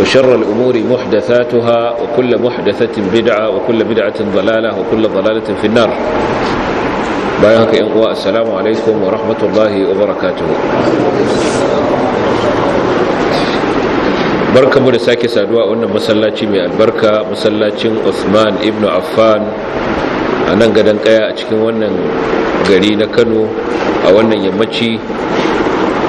وشر الأمور محدثاتها وكل محدثة بدعة وكل بدعة ضلالة وكل ضلالة في النار بايهك إنقواء السلام عليكم ورحمة الله وبركاته barka mu da sake saduwa a wannan masallaci mai albarka masallacin Usman ibn Affan a nan gadon kaya a cikin wannan gari na Kano a wannan yammaci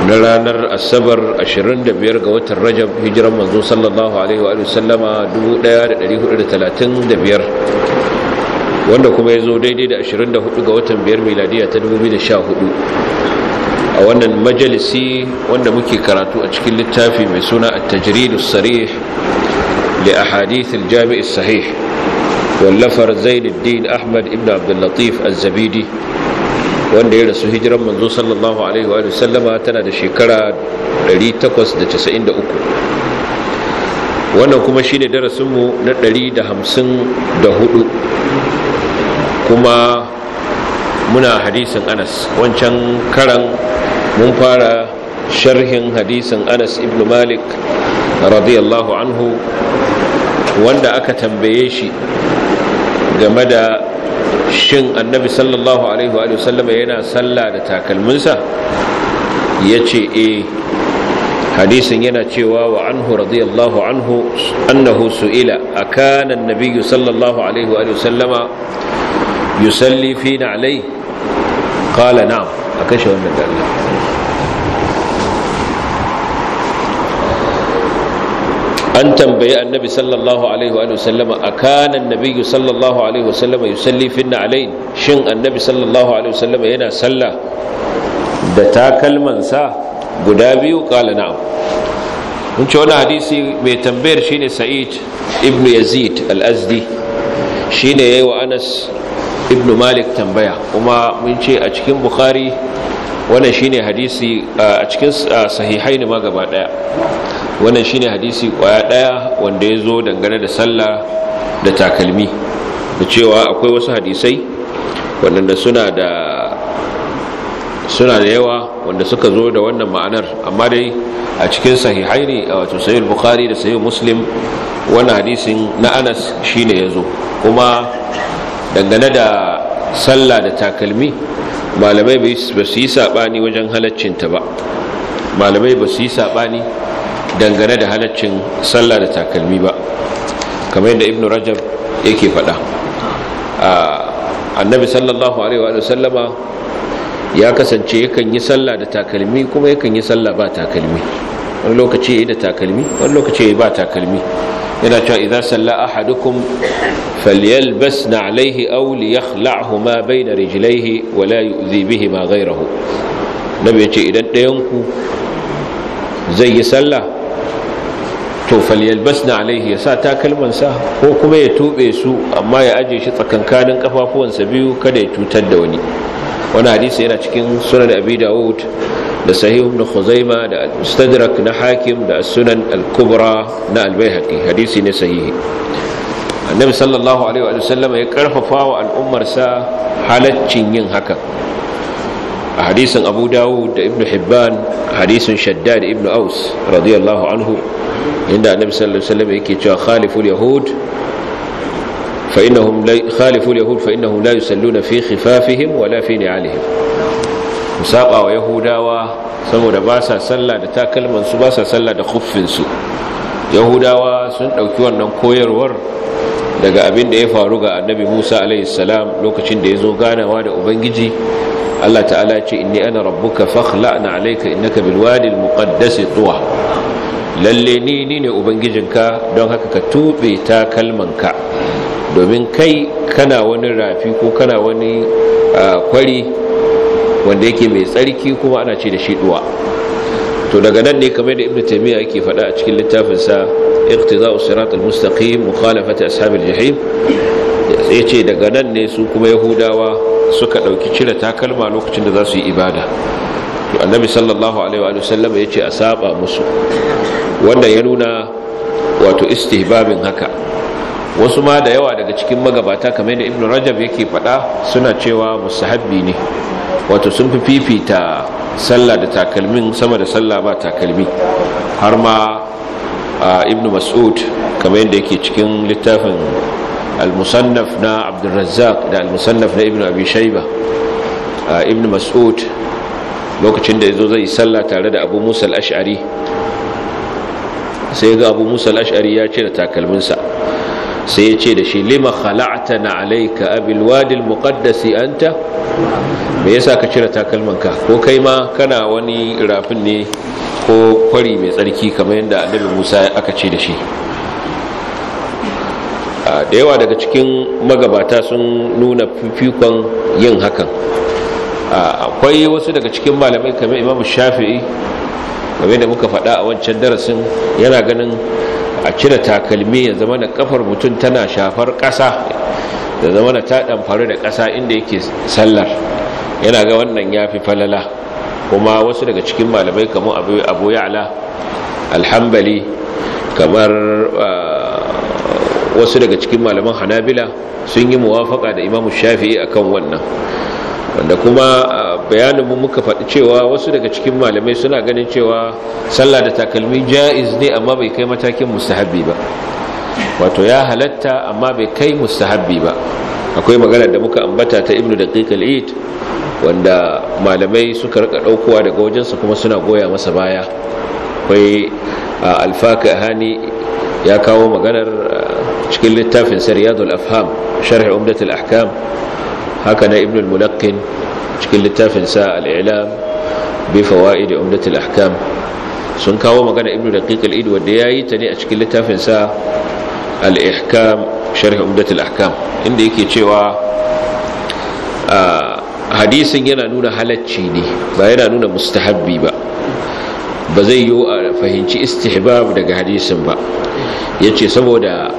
na ranar asabar 25 ga watan rajab hijiran manzo sallallahu alaihi wa sallama 1435 wanda kuma ya zo daidai da 24 ga watan 5 miladiya ta 2014 a wannan majalisi wanda muke karatu a cikin littafi mai suna at-tajridus sarih li ahadith al sahih wallafar zainuddin ahmad ibn abdul latif az-zabidi wanda ya rasu hijiran manzo sallallahu alaihi wa sallama tana da shekara 893 wannan kuma shine mu na 154 kuma muna hadisin anas wancan karan mun fara sharhin hadisin anas ibn malik radiyallahu anhu wanda aka tambaye shi game da shin annabi sallallahu alaihi wa sallama yana sallah da takalminsa ya ce e eh. hadisin yana cewa wa anhu radiyallahu anhu annahu su'ila a kanan nabiyu sallallahu alaihi wa sallama yusalli fi na alai kala na a kashe wannan da an tambayi annabi sallallahu alaihi wa sallama kanan annabi sallallahu alaihi wa sallama yusalli na na'alain shin annabi sallallahu alaihi wa sallama yana sallah da takalman sa guda biyu kala na'am mun ce wani hadisi mai tambayar shine sa'id ibn yazid al-azdi shine yayi wa anas ibn malik tambaya kuma mun ce a cikin bukhari wannan shine hadisi a cikin sahihaini ma gaba daya wannan shine hadisi kwaya daya wanda ya zo dangane da sallah da takalmi da cewa akwai wasu hadisai waɗanda suna da suna da yawa wanda suka zo da wannan ma'anar amma dai a cikin sahihaini a wato sahih bukhari da sahih muslim wannan hadisin na anas shine ya kuma dangane da sallah da takalmi malamai ba su yi saɓani wajen halaccinta ba malamai ba su yi saɓani dangane da halaccin sallah da takalmi ba kamar yadda ibn rajab yake faɗa annabi sallallahu alaihi wa sallama ya kasance yakan yi sallah da takalmi kuma yakan yi sallah ba takalmi wani lokaci ya yi da takalmi wani lokaci ya yi ba takalmi yana cewa idan salla ahadukum falyalbas na alaihi aw liyakhla'hu ma bayna rijlaihi wa la yu'dhi bihi ma ghayrahu nabi yace idan ɗayan ku zai yi sallah to falyalbas na alaihi ya sa takalman sa ko kuma ya tube su amma ya aje shi tsakankanin kafafuwansa biyu kada ya cutar da wani wani hadisi yana cikin sunan abi dawud da sahih ibn khuzaima da al-mustadrak na hakim da sunan al-kubra na al-baihaqi hadisi ne sahihi annabi sallallahu alaihi wa sallam ya karfafa wa al'ummarsa halaccin yin haka a hadisin abu dawud da ibnu hibban hadisin shaddad ibnu aus radiyallahu anhu inda annabi sallallahu alaihi wa wasallam yake cewa khaliful yahud fa innahum khaliful yahud fa innahum la yusalluna fi khifafihim wala fi ni'alihim ku saba wa yahudawa saboda ba sa sallah da takalmansu ba sa sallah da kuffinsu yahudawa sun ɗauki wannan koyarwar daga abin da ya faru ga annabi musa alaihissalam lokacin da ya zo ganawa da ubangiji allah ta'ala ce inni ana rabbuka fakhla'na alayka innaka bilwadi almuqaddas tuwa lalle ni ni ne ubangijinka don haka ka tube takalmanka domin kai kana wani rafi ko kana wani ah, kwari wanda yake mai tsarki kuma ana ce da shi duwa to daga nan ne kamar da ibnu taymiya yake faɗa a cikin littafin sa iqtida'us siratal mustaqim mukhalafati ashabil jahim yace daga nan ne su kuma yahudawa suka dauki cire takalma lokacin da za su yi ibada to annabi sallallahu alaihi wa sallam yace a saba musu wanda ya nuna wato istihbabin haka wasu ma da yawa daga cikin magabata kamar da ibnu rajab yake faɗa suna cewa musahabbi ne wato sun fi fifita sallah da takalmin sama da sallah ba takalmi har ma ibn mas'ud kamar yadda yake cikin littafin al-musannaf na abdulrazzaq da al-musannaf na ibn abi shaiba ibn mas'ud lokacin da ya zo zai sallah tare da abu musa al-ash'ari sai ga abu musa al-ash'ari ya da takalminsa sai ya ce da shi lima na alaika abil wadil al muqaddasi anta me yasa ka cire takalmanka ko kai ma kana wani rafin ne ko kwari mai tsarki kamar yadda annabi Musa aka ce da shi da yawa daga cikin magabata sun nuna fifikon yin hakan akwai wasu daga cikin malamai kamar Imam Shafi'i Kamar da muka faɗa a wancan darasin yana ganin a cire takalmi ya zama da kafar mutum tana shafar ƙasa da zama da taɗan faru da ƙasa inda yake sallar yana ga wannan ya fi falala kuma wasu daga cikin malamai kamar abu ya'ala alhambali kamar ah, wasu daga cikin malaman hanabila sun yi muwafaka da imamu shafi'i akan wannan wanda kuma bayaninmu muka faɗi cewa wasu daga cikin malamai suna ganin cewa sallah da takalmi ja'iz ne amma bai kai matakin mustahabbi ba wato ya halatta amma bai kai mustahabbi ba akwai magana da muka ambata ta ibnu daqiq al-eid wanda malamai suka rika daukowa daga wajensa kuma suna goya masa baya akwai alfaka hani ya kawo maganar cikin littafin sariyadul afham sharh umdatul ahkam haka na ibn al-mulaqqin cikin littafin sa al-i'lam bi fawaid umdat al-ahkam sun kawo magana ibn daqiq al-id wanda yayi ta ne a cikin littafin sa al-ihkam sharh umdat al-ahkam inda yake cewa hadisin yana nuna halacci ne ba yana nuna mustahabbi ba ba zai yi a fahimci istihbab daga hadisin ba yace saboda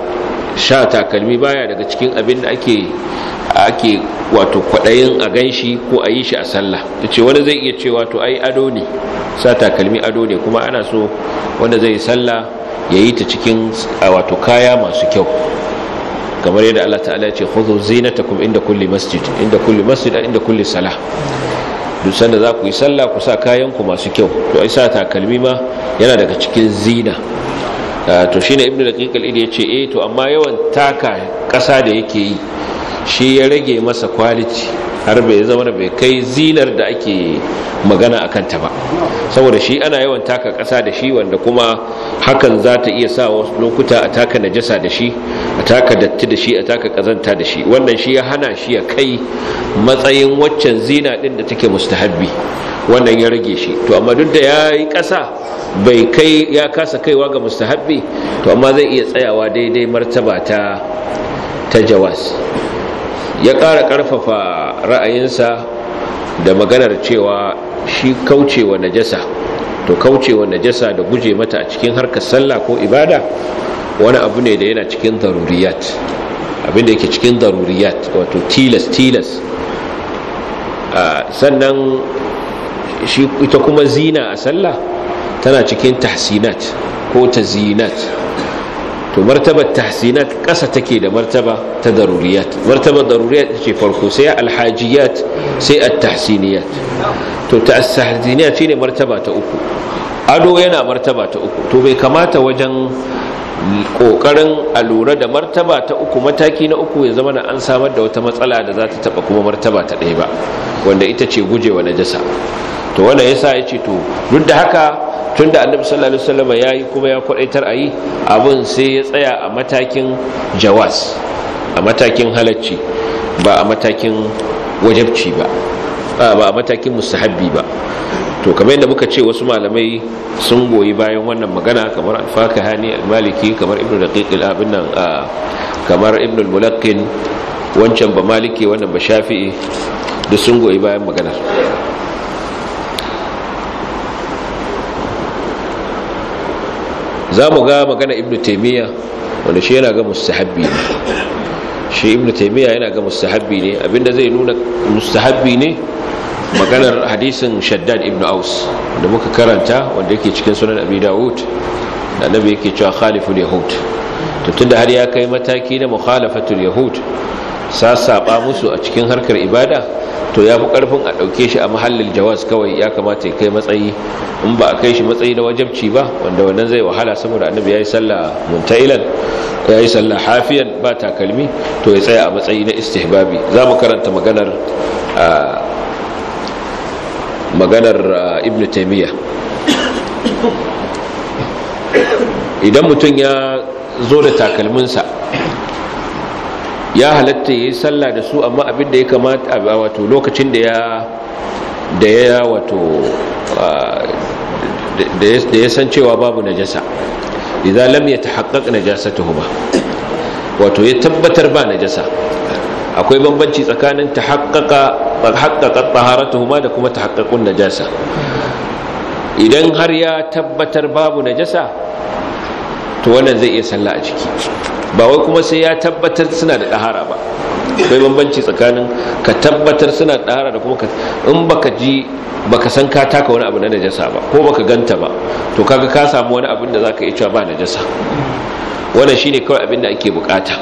sha takalmi baya daga cikin abin da ake ake wato kwadayin a ganshi ko a yi shi a sallah ce wani zai iya cewa to ai ado ne sa takalmi ado ne kuma ana so wanda zai sallah yi ta cikin wato kaya masu kyau kamar yadda Allah ta'ala ya ce khudhu zinatakum inda kulli masjid inda kulli masjid inda kulli salah duk sanda za ku yi sallah ku sa kayan ku masu kyau to ai sa takalmi ma yana daga cikin zina Eh, to shine ibnu daqiq al-idi yace eh to amma yawan taka ƙasa da yake yi shi ya rage masa kwaliti har bai zama da bai kai zinar da ake magana a kanta ba saboda shi ana yawan taka ƙasa da shi wanda kuma hakan za ta iya sa wasu lokuta a taka najasa da shi a taka datti da shi a taka ƙazanta da shi wannan shi ya hana shi ya kai matsayin waccan zina ɗin da take mustahabbi wannan ya rage shi to amma duk da ya yi ƙasa bai kai ya kasa kaiwa ga mustahabbi to amma zai iya tsayawa daidai martaba ta ta jawas ya ƙara ƙarfafa ra'ayinsa da maganar cewa shi kaucewa najasa to kaucewa najasa da guje mata a cikin harkar sallah ko ibada wani abu ne da yana cikin daruriyat abin da yake cikin daruriyat wato tilas tilas sannan ita kuma zina a sallah tana cikin tahsinat ko ta zinat. to martabar tahsinat ƙasa take da martaba ta daruriyat martabar daruriyat ce farko sai alhajiyat sai at-tahsiniyat to tahsiniyat shine martaba ta uku ado yana martaba ta uku to bai kamata wajen kokarin a lura da martaba ta uku mataki na uku ya zama na an samar da wata matsala da za ta taba kuma martaba ta ɗaya ba wanda ita ce gujewa najasa to wanda yasa ya ce to duk da haka tunda annabi sallallahu alaihi wasallam yayi kuma ya kwadaitar ayi abun sai ya tsaya a matakin jawas a matakin halacci ba a matakin wajabci ba ba a matakin mustahabbi ba to kamar yadda muka ce wasu malamai sun goyi bayan wannan magana kamar al-fakahani al-maliki kamar ibnu daqiq al-abin nan kamar ibnu al-mulaqqin wancan ba maliki wannan ba shafi'i da sun goyi bayan maganar za mu ga magana Ibn taimiyya wanda shi yana ga mustahabbi ne shi ibn taimiyya yana ga mustahabbi ne abinda zai nuna mustahabbi ne maganar hadisin shaddad Ibn aus da muka karanta wanda yake cikin sunan abi dawud da annabi yake cewa khaliful yahud tuntun da har ya kai mataki na mukhalafatul yahud sassaɓa musu a cikin harkar ibada to ya fi ƙarfin a ɗauke shi a mahallin jawas kawai ya kamata ya kai matsayi in ba a kai shi matsayi na wajabci ba wanda wannan zai wahala saboda annabi ya yi sallah muntailan ya yi sallah hafiyan ba takalmi to ya tsaya a matsayi na istihbabi za mu karanta maganar maganar ibn taimiyya idan mutum ya zo da takalminsa ya halatta yi sallah da su amma abin da ya kamata a wato lokacin da ya da ya wato da ya san cewa babu najasa idan lam yatahaqqaq najasatuhuma wato ya tabbatar ba najasa akwai bambanci tsakanin tahaqqaqa taharatuhuma da kuma tahaqqaqun najasa idan har ya tabbatar babu najasa to wannan zai iya sallah a ciki ba wai kuma sai ya tabbatar suna da ɗahara ba akwai bambanci tsakanin ka tabbatar suna da ɗahara da kuma in baka ji baka san ka taka wani abu na najasa ba ko baka ganta ba to kaga ka samu wani abin da zaka iya cewa ba najasa wannan shine kawai abin da ake bukata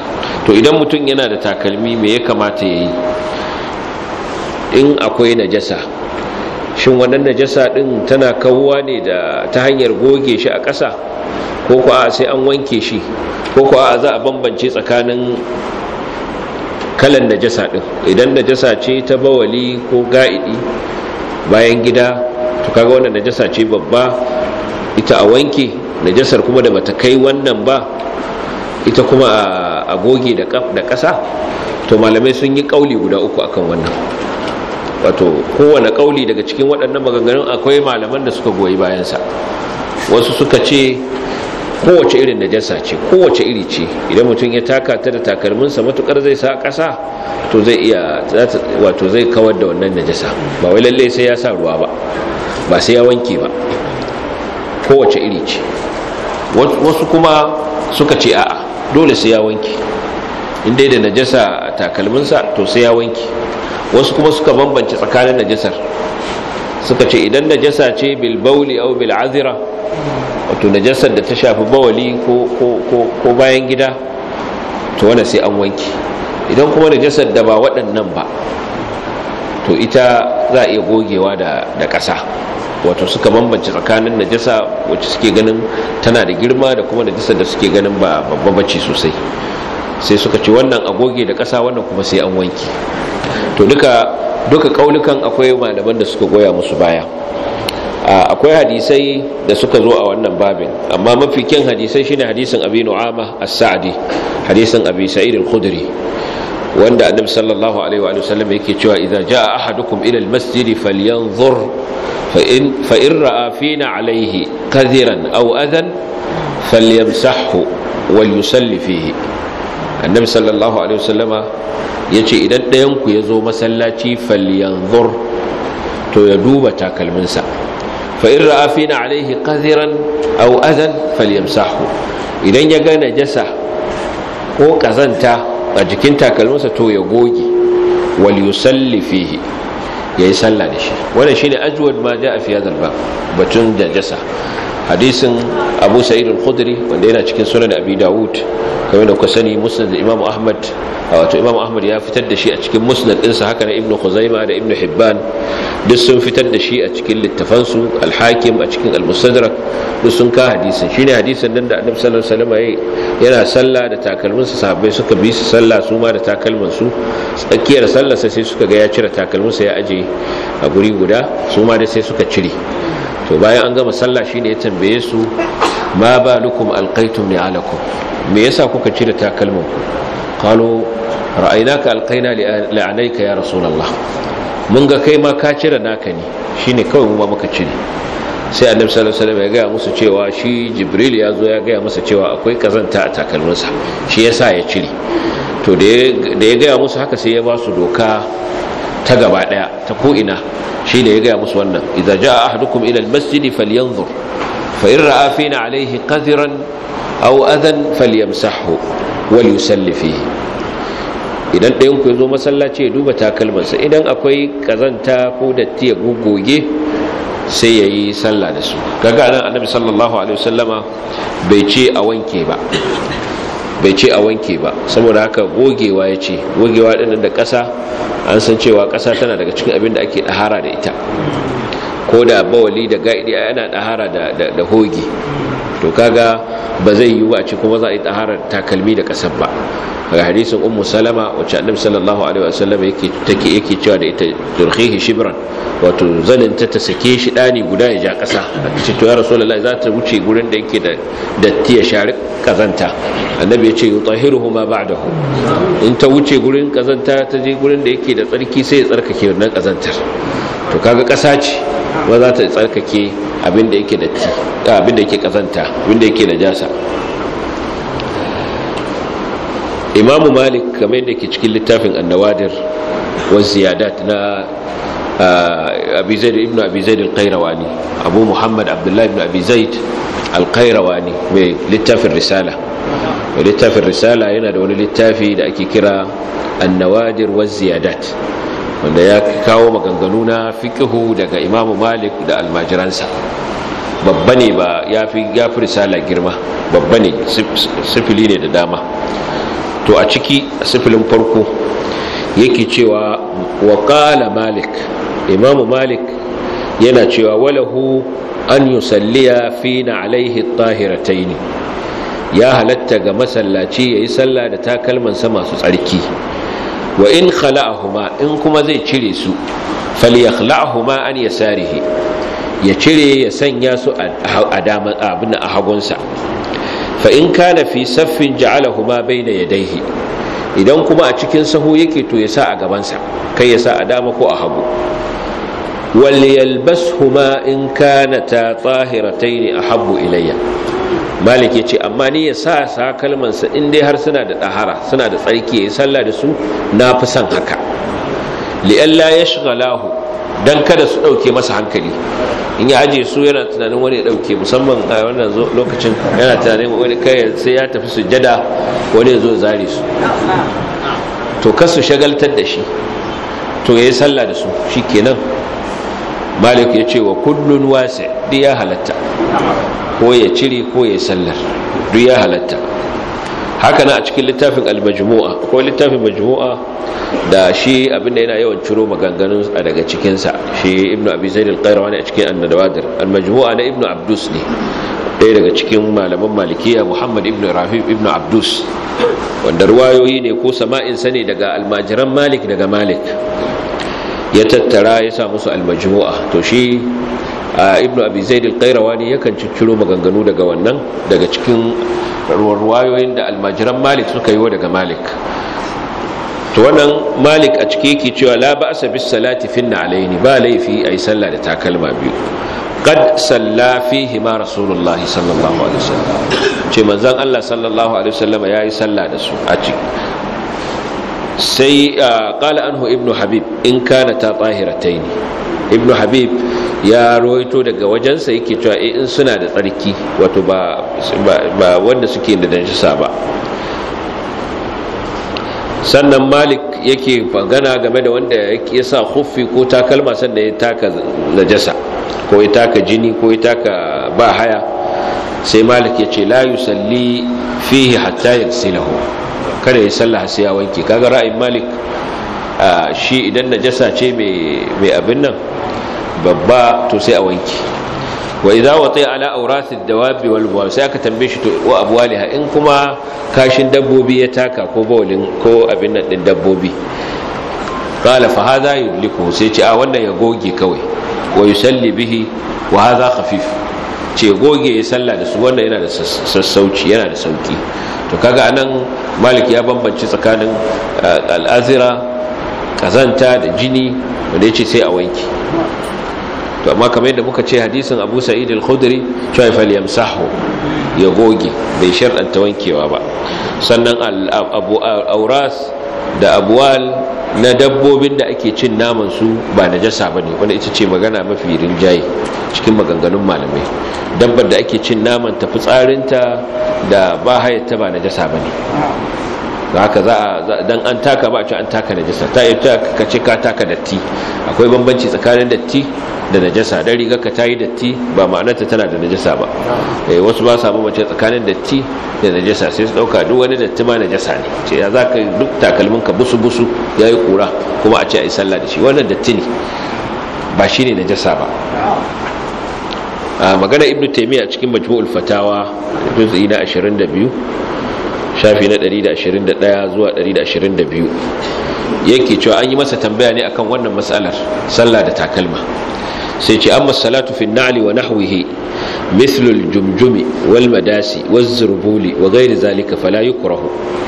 to idan mutum yana da takalmi me ya kamata yayi in akwai najasa shin wannan najasa din tana kawuwa ne da ta hanyar goge shi a ƙasa ko ko a sai an wanke shi ko ko a za a bambance tsakanin kalan najasa din idan najasa ce ta bawali ko ga'idi bayan gida to kaga wannan najasa ce babba ita a wanke najasar kuma da bata kai wannan ba ita kuma a goge da ƙasa to malamai sun yi ƙauli guda uku akan wannan wato kowane kauli daga cikin waɗannan maganganun akwai malaman da suka goyi bayansa wasu suka ce kowace irin najasa ce kowace iri ce idan mutum ya taka ta da takalminsa matukar zai sa ƙasa to zai iya wato zai kawar da wannan najasa ba wai lalle sai ya sa ruwa ba ba sai ya wanke ba kowace iri ce wasu kuma suka ce a'a dole sai ya wanke in dai da najasa a takalminsa to sai ya wanke wasu kuma suka bambanci tsakanin najasar suka ce idan najasa ce bil bauli aw bil azira wato najasar da ta shafi bawali ko bayan gida to wannan sai an wanke idan kuma najasar da ba waɗannan ba to ita za a iya gogewa da ƙasa wato suka bambance tsakanin najasa wacce suke ganin tana da girma da kuma najasar da suke ganin ba babba bace sosai sai suka ce wannan agoge da ƙasa wannan kuma sai an wanki to duka duka kaulukan akwai malaman da suka goya musu baya akwai hadisai da suka zo a wannan babin amma mafi kyan hadisai shine hadisin abi nu'ama as-sa'di hadisin abi sa'id al-khudri wanda annabi sallallahu alaihi wa sallam yake cewa idza jaa ahadukum ila al masjidi, falyanzur fa in fa in ra'a fina alayhi kadhiran aw adhan falyamsahhu wal yusalli fihi annabi sallallahu alaihi wasallama ya ce idan ɗayanku ya zo masallaci falyanzur to ya duba takalminsa fa'in ra'afina alaihi ƙaziran au azan falyamsahu idan ya ga najasa ko ƙazanta a jikin takalminsa to ya goge wal yusalli fihi ya yi sallah da shi wannan shine ajiyar ma ja'a a hadal ba batun hadisin abu sa'id al-khudri wanda yana cikin sunan abi dawud kamar da ku sani musnad imam ahmad wato imam ahmad ya fitar da shi a cikin musnad sa haka na ibnu khuzaimah da ibnu hibban duk sun fitar da shi a cikin littafansu al-hakim a cikin al-mustadrak duk sun ka hadisin shine hadisin nan da annabi sallallahu alaihi wasallam yana sallah da takalminsa sahabbai suka bi su sallah su ma da takalminsu tsakiyar sa sai suka ga ya cire takalminsa ya aje a guri guda su ma da sai suka cire to bayan an gama sallah shine ya tambaye su ma balukum ne ni'alakum me yasa kuka cire takalman ku qalu ra'aynaka alqaina ka ya rasulullah mun ga kai ma ka cire naka ne shine kawai mu ba muka cire sai annabi sallallahu alaihi wasallam ya gaya musu cewa shi jibril ya zo ya gaya masa cewa akwai kazanta a takalminsa shi yasa ya cire to da ya gaya musu haka sai ya ba su doka ta gaba daya ta ko'ina, shi da ya gaya musu wannan idza jaa ahadukum ila almasjid falyanzur fa in ra'a fina alayhi qadran aw adan falyamsahu wa yusalli idan ɗayanku ku zo masallaci ya duba takalmansa idan akwai kazanta ko datti ya goge sai ya yi sallah da su kaga nan annabi sallallahu alaihi wasallama bai ce a wanke ba bai ce a wanke ba saboda haka gogewa ya ce gogewa ɗin da ƙasa an san cewa ƙasa tana daga cikin abin da ake ɗahara da ita ko da bawali da ga'idi yana ɗahara da hoge to kaga ba zai yiwu a kuma za a yi taharar takalmi da kasar ba daga hadisin ummu salama wacce annabi sallallahu alaihi wasallam yake take yake cewa da ita turhihi shibran wato zanin ta ta sake shi dani guda ya ja kasa ce to ya rasulullahi za ta wuce gurin da yake da datti ya shari kazanta annabi ya ce yutahiruhu ma ba'dahu in ta wuce gurin kazanta ta je gurin da yake da tsarki sai ya tsarkake wannan kazantar to kaga kasa ce ba za ta tsarkake abinda yake datti abinda yake kazanta abinda yake najasa imamu malik kamar yadda ke cikin littafin annawadir wa ziyadat na abi ibn Abizai zaid al-qayrawani abu muhammad abdullah ibn Abizai zaid al-qayrawani mai littafin risala littafin risala yana da wani littafi da ake kira annawadir wa ziyadat wanda ya kawo maganganu na fiqhu daga imamu malik da almajiransa babba ne ba ya fi risala girma babba ne sifili ne da dama to a ciki sifilin farko yake cewa Wakala malik imamu malik yana cewa walahu an yi salliya, fi na alaihi tahirataini ya halatta ga masallaci ya yi sallah da takalmansa masu tsarki wa in khala'ahuma in kuma zai cire su falyakhla'ahuma an yasarihi ya cire ya sanya su a daman abin a hagunsa fa in kana fi saffin ja'alahuma baina yadayhi idan kuma a cikin sahu yake to ya sa a gabansa kai ya sa a dama ko a hagu wal yalbashuma in kana ta tahiratayn ahabbu ilayya malik ya ce amma ni ya sa sa kalmansa in dai har suna da ɗahara suna da tsarki ya yi sallah da su na fi son haka li'alla ya lahu don kada su ɗauke masa hankali in ya ajiye su yana tunanin wani ya ɗauke musamman a wannan lokacin yana tunanin wani kai sai ya tafi su jada wani zo zari su to kasu shagaltar da shi to ya yi sallah da su shi kenan malik ya ce wa kullun wasa duk ya halatta ko ya cire ko ya sallar duk ya halatta haka na a cikin littafin al ko littafin majmu'a da shi abinda yana yawan ciro maganganun a daga cikinsa shi ibnu abi zaid al-qayrawani a cikin an-nadawadir al na ibnu abdus ne ɗaya daga cikin malaman malikiya muhammad ibnu rahim ibnu abdus wanda ruwayoyi ne ko sama'in sani daga almajiran malik daga malik ya tattara ya sa musu almajmu'a to shi ibnu abi zaid al-qayrawani yakan cicciro maganganu daga wannan daga cikin ruwayoyin da almajiran malik suka yi wa daga malik to wannan malik a ciki yake cewa la ba'sa bis salati fi alayni ba laifi ay salla da takalma biyu qad salla fihi ma rasulullahi sallallahu alaihi wasallam ce manzon Allah sallallahu alaihi wasallam yayi sallah da su a ciki sai ƙala ah, anhu ibnu habib in kana ta ne. ibnu habib ya rawaito daga wajensa yake cewa eh, in suna da tsarki wato ba ba wanda suke da danjisa ba sannan malik yake magana game da wanda ya sa huffi ko takalma sannan ya taka najasa ko ya taka jini ko ya taka ba haya sai malik ya ce la yusalli fihi hatta yaghsilahu kada ya sallah sai ya wanke kaga ra'ayin malik shi idan najasa ce mai abin nan babba to sai a wanke wa idza wati ala awrasid dawabi wal buwal sai aka tambaye shi to wa abwaliha in kuma kashin dabbobi ya taka ko bawlin ko abin nan din dabbobi qala fa hadha yudliku sai ce a wannan ya goge kawai wa yusalli bihi wa hadha khafif ce goge ya salla da su wannan yana da sassauci yana da sauki to kaga anan malik ya bambance tsakanin uh, al'azira kazanta da jini wanda ya ce sai a wanki to amma kamar yadda muka ce hadisin abu sa'id al-khudri cewa fal yamsahu ya goge bai sharɗanta wankewa ba sannan abu uh, auras da abuwal na dabbobin da ake cin naman su ba jasa ba ne wanda ita ce magana mafi rinjaye cikin maganganun malamai dabbar da ake cin naman ta tsarinta da ba hayatta ba jasa ba ne za ka za a dan an taka ba a ce an taka najasa ta yi ta ka ce ka taka datti akwai bambanci tsakanin datti da najasa dan riga ka yi datti ba ma'anarta tana da najasa ba eh wasu ba samu mace tsakanin datti da najasa sai su dauka duk wani datti ma najasa ne ce ya ka duk takalmin ka busu busu yayi kura kuma a ce a yi sallah da shi wannan datti ne ba shi shine najasa ba ah, magana ibnu taymiya cikin majmu'ul fatawa juz'i na 22 shafi na 121 zuwa 122 yake cewa an yi masa tambaya ne akan wannan masalar sallah da takalma sai ce amma salatu fi wa nahwihi mislul jumjumi wal madasi waz zurbuli wa ghairi zalika fala yukrahu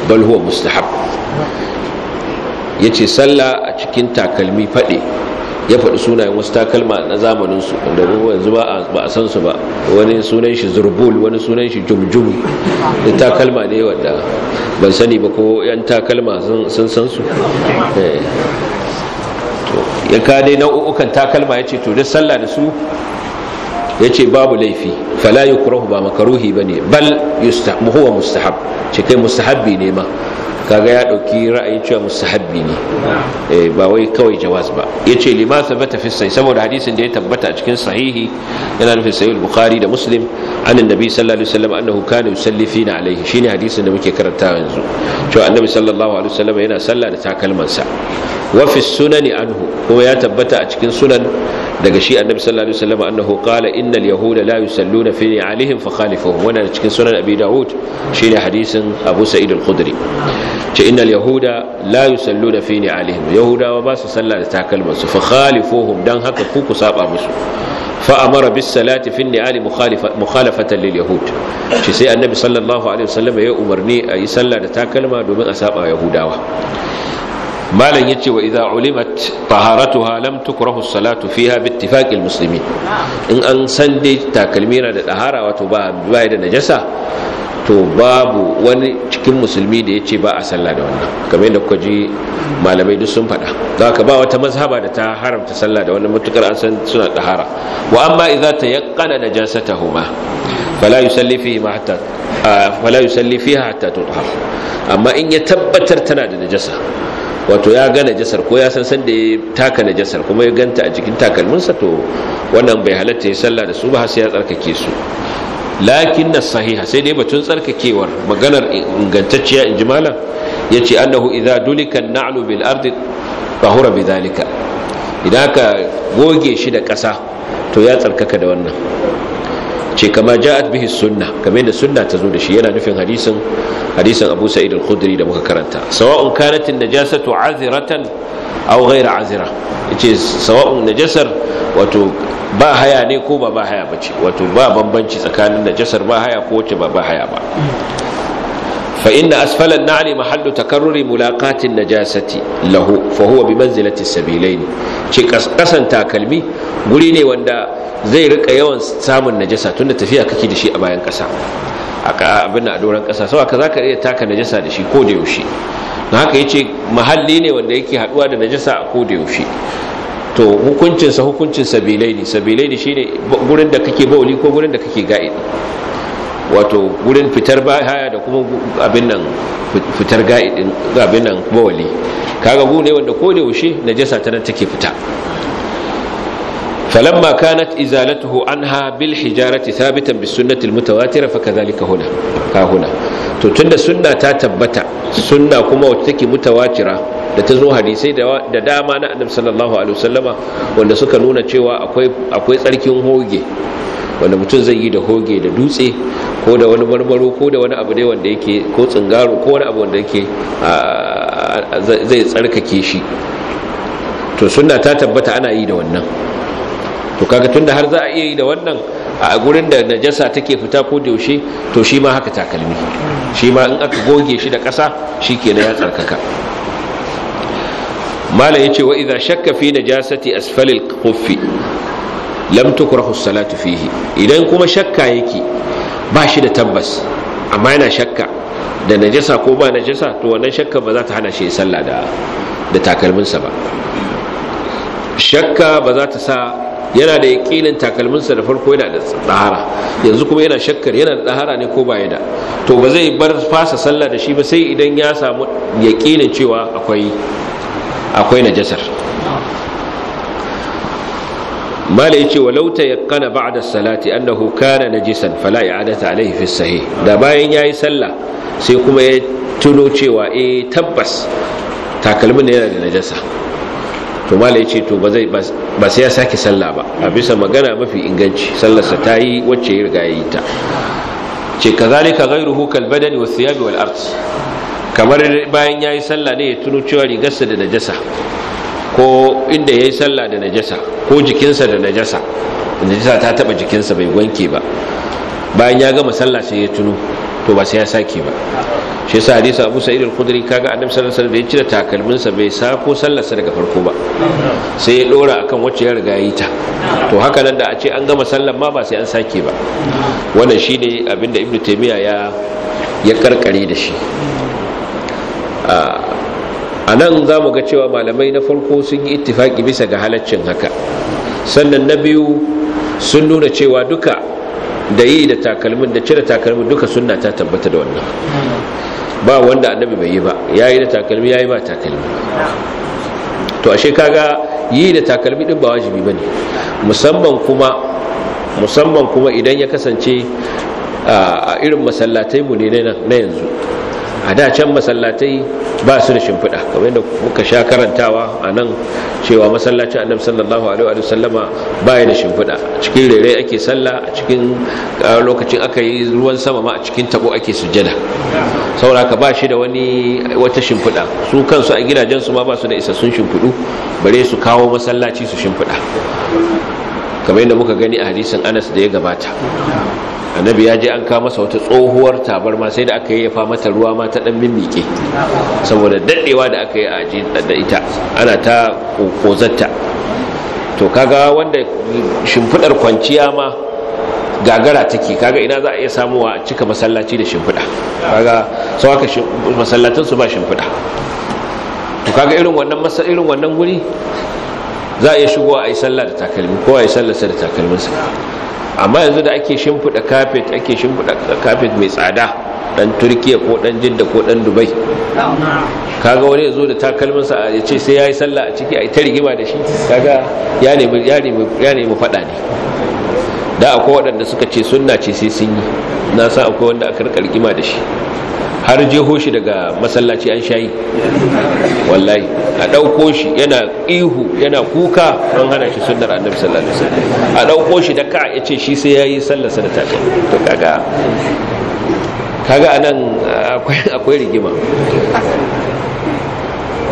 bal huwa mustahab yace sallah a cikin takalmi fade ya faɗi sunayen wasu takalma na zamaninsu wanda yanzu ba a san su ba wani sunan shi zurbul wani sunan shi jumjum da takalma ne wadda ban sani ba ko yan takalma sun san su eh. ya ka dai nau'ukan takalma ya ce to da sallah da su ya ce babu laifi fala kurahu ba makaruhi ba ne bal muhuwa mustahab ce kai mustahabbi ne ma kaga ya dauki ra'ayi cewa mustahabbi ne eh, ba wai kawai jawaz ba yace lima sabata fi sahih saboda hadisin da ya tabbata a cikin sahihi yana nufin sahih bukhari da muslim an annabi sallallahu alaihi wasallam annahu kana yusalli fina alaihi shine hadisin da muke karanta yanzu cewa annabi sallallahu alaihi wasallam yana sallah da takalmansa wa fi sunani anhu kuma ya tabbata a cikin sunan daga shi annabi sallallahu alaihi wasallam annahu qala innal yahuda la yusalluna fi alaihim fa khalifuhum wannan cikin sunan abi daud shine hadisin abu sa'id al-khudri ce innal yahuda la da fini ni'alihim yahudawa ba su sallah da takalma su fa khalifuhum dan haka ku ku saba musu fa amara bis salati fi ni'ali mukhalafatan lil yahud ce sai annabi sallallahu alaihi wasallam ya umarni a yi sallah da takalma domin a saba yahudawa malam ce wa idza ulimat taharatuha lam tukrahu salatu fiha bi ittifaqil muslimin in an san dai takalmi na da tahara wato ba ba da najasa to babu wani cikin musulmi da ya ce ba a sallah da wannan kamar yadda kuka ji malamai duk sun faɗa Za ka ba wata mazhaba da ta haramta sallah da wannan mutukar an san suna tahara wa amma idza tayaqqana najasatahuma فلا يصلي فيهما حتى فلا يصلي فيها حتى amma in ya tabbatar tana da najasa wato ya ga najasar ko ya san san da ya taka najasar kuma ya ganta a jikin takalminsa to wannan bai halatta ya sallah da su ba sai ya tsarkake su lakin na sahiha sai dai batun tsarkakewar maganar ingantacciya in malam ya ce annahu idza dulika na'lu bil ardi tahura bi zalika idan ka goge shi da ƙasa to ya tsarkaka da wannan ce kama ja'at bihi sunna kamar da sunna ta zo da shi yana nufin hadisin hadisin Abu Sa'id al-Khudri da muka karanta sawa'un kanat an-najasatu 'aziratan aw ghayra 'azira yace sawa'un najasar wato ba haya ne ko ba ba haya bace wato ba bambanci tsakanin najasar ba haya ko wace ba ba haya ba fa inna asfala an-na'li mahallu takarruri mulaqati an-najasati lahu fa huwa bi manzilati as-sabilayn kasan takalmi guri ne wanda zai rika yawan samun najasa tunda tafiya kake da shi a bayan kasa aka abin a doran kasa sau aka zaka iya taka najasa da shi ko da yaushe haka yace mahalli ne wanda yake haduwa da najasa a ko da yaushe to hukuncinsa hukuncin sabilai ne sabilai ne shine gurin da kake bauli ko gurin da kake ga'idi wato gurin fitar haya da kuma abin nan fitar ga'idin abin nan bawali kaga gu ne wanda kode yaushe jesa ta nan take fita falamma kanat izalatuhu anha bil hijarati thabitan bis sunnati al mutawatira fakadhalika huna ka huna to tunda sunna ta tabbata sunna kuma wacce take mutawatira da ta zo hadisai da dama na annabi sallallahu alaihi wasallama wanda suka nuna cewa akwai akwai tsarkin hoge wanda mutum zai yi da hoge da dutse ko da wani marmaro ko da wani abu dai wanda yake ko tsingaro ko wani abu wanda yake zai tsarkake shi to sunna ta tabbata ana yi da wannan to kaga tunda har za a iya yi da wannan a gurin da najasa take fita ko da yaushe to shi ma haka takalmi shi ma in aka goge shi da ƙasa shi kenan ya tsarkaka mala ya wa wa'iza shakka fi jasati asfalil kofi lamta tukrahu salatu fihi idan kuma shakka yake ba shi da tabbas amma yana shakka da najasa ko ba najasa to wannan shakka ba za ta hana shi sallah da takalminsa ba shakka ba za ta sa yana da yaƙinin takalminsa da farko yana da tsahara yanzu kuma yana shakkar yana da tsahara ne ko baya da to ba zai bar fasa sallah da shi ba sai idan ya samu yaƙinin cewa akwai akwai najasar mala yace walau yakana ba'da salati annahu kana najisan fala i'adata alayhi fi sahih da bayan yayi sallah sai kuma ya tuno cewa eh tabbas takalmin yana da najasa to mala yace to ba zai ba sai ya saki sallah ba a bisa magana mafi inganci sallarsa ta yi wacce ya riga yayi ta ce kazalika ghayruhu kal badani was thiyab wal ardh kamar bayan ya yi sallah ne ya tuno cewa rigarsa da najasa ko inda ya yi sallah da najasa ko jikinsa da najasa najasa ta taba jikinsa bai wanke ba bayan ya gama sallah sai ya tuno to ba sai ya sake ba shi yasa hadisi Abu Sa'id al-Khudri kaga Annabi sallallahu alaihi da ya cire takalminsa bai sako sallarsa daga farko ba sai ya dora akan wacce ya riga yi ta to haka nan da a ce an gama sallar ma ba sai an sake ba wannan shine abinda Ibn Taymiyyah ya ya karkare da shi a nan za mu ga cewa malamai na farko sun yi ittifaki bisa ga halaccin haka sannan na biyu sun nuna cewa duka da yi da takalmin da cire takalmin duka suna ta tabbata da wannan ba wanda annabi bai yi ba ya yi da takalmi ya yi ba takalmi to ashe kaga yi da takalmi din ba wajibi ba ne musamman kuma musamman kuma idan ya kasance a irin masallatai mu ne na yanzu a da can masallatai ba su da shimfiɗa kamar yadda muka sha karantawa a nan cewa masallacin annabi sallallahu alaihi wa sallama ba ya da shimfiɗa cikin rere ake sallah a cikin lokacin aka yi ruwan sama ma a cikin tabo ake sujjada sauraka ba shi da wani wata shimfiɗa su kansu a gidajen su ma ba su da isassun shimfiɗu bare su kawo masallaci su shimfiɗa kamar yadda muka gani a hadisin anas da ya gabata annabi ya je an kama masa wata tsohuwar tabarma sai da aka yi yafa mata ruwa ma ta dan mimmike saboda daddewa da aka yi a ji da ita ana ta kokozarta to kaga wanda shimfidar kwanciya ma gagara take kaga ina za a iya samuwa cika masallaci da shimfida kaga sau aka masallatan su ba shimfida to kaga irin wannan irin wannan guri za a yi shigowa a yi sallah da takalmi ko a yi sallarsa da takalminsa amma yanzu da ake shimfiɗa kafet ake shimfiɗa kafet mai tsada ɗan turkiya ko ɗan jidda ko ɗan dubai kaga wani ya zo da takalminsa a ce sai ya yi sallah a ciki a yi ta rigima da shi kaga ya nemi faɗa ne da akwai waɗanda suka ce sunna ce sai sun yi na san akwai wanda aka rika rigima da shi har jeho shi daga masallaci an shayi wallahi a ɗauko shi yana ihu yana kuka don hana shi sunnar annabi sallallahu alaihi wasallam a ɗauko shi da ka ya ce shi sai yayi sallarsa da tashi to kaga kaga anan akwai akwai rigima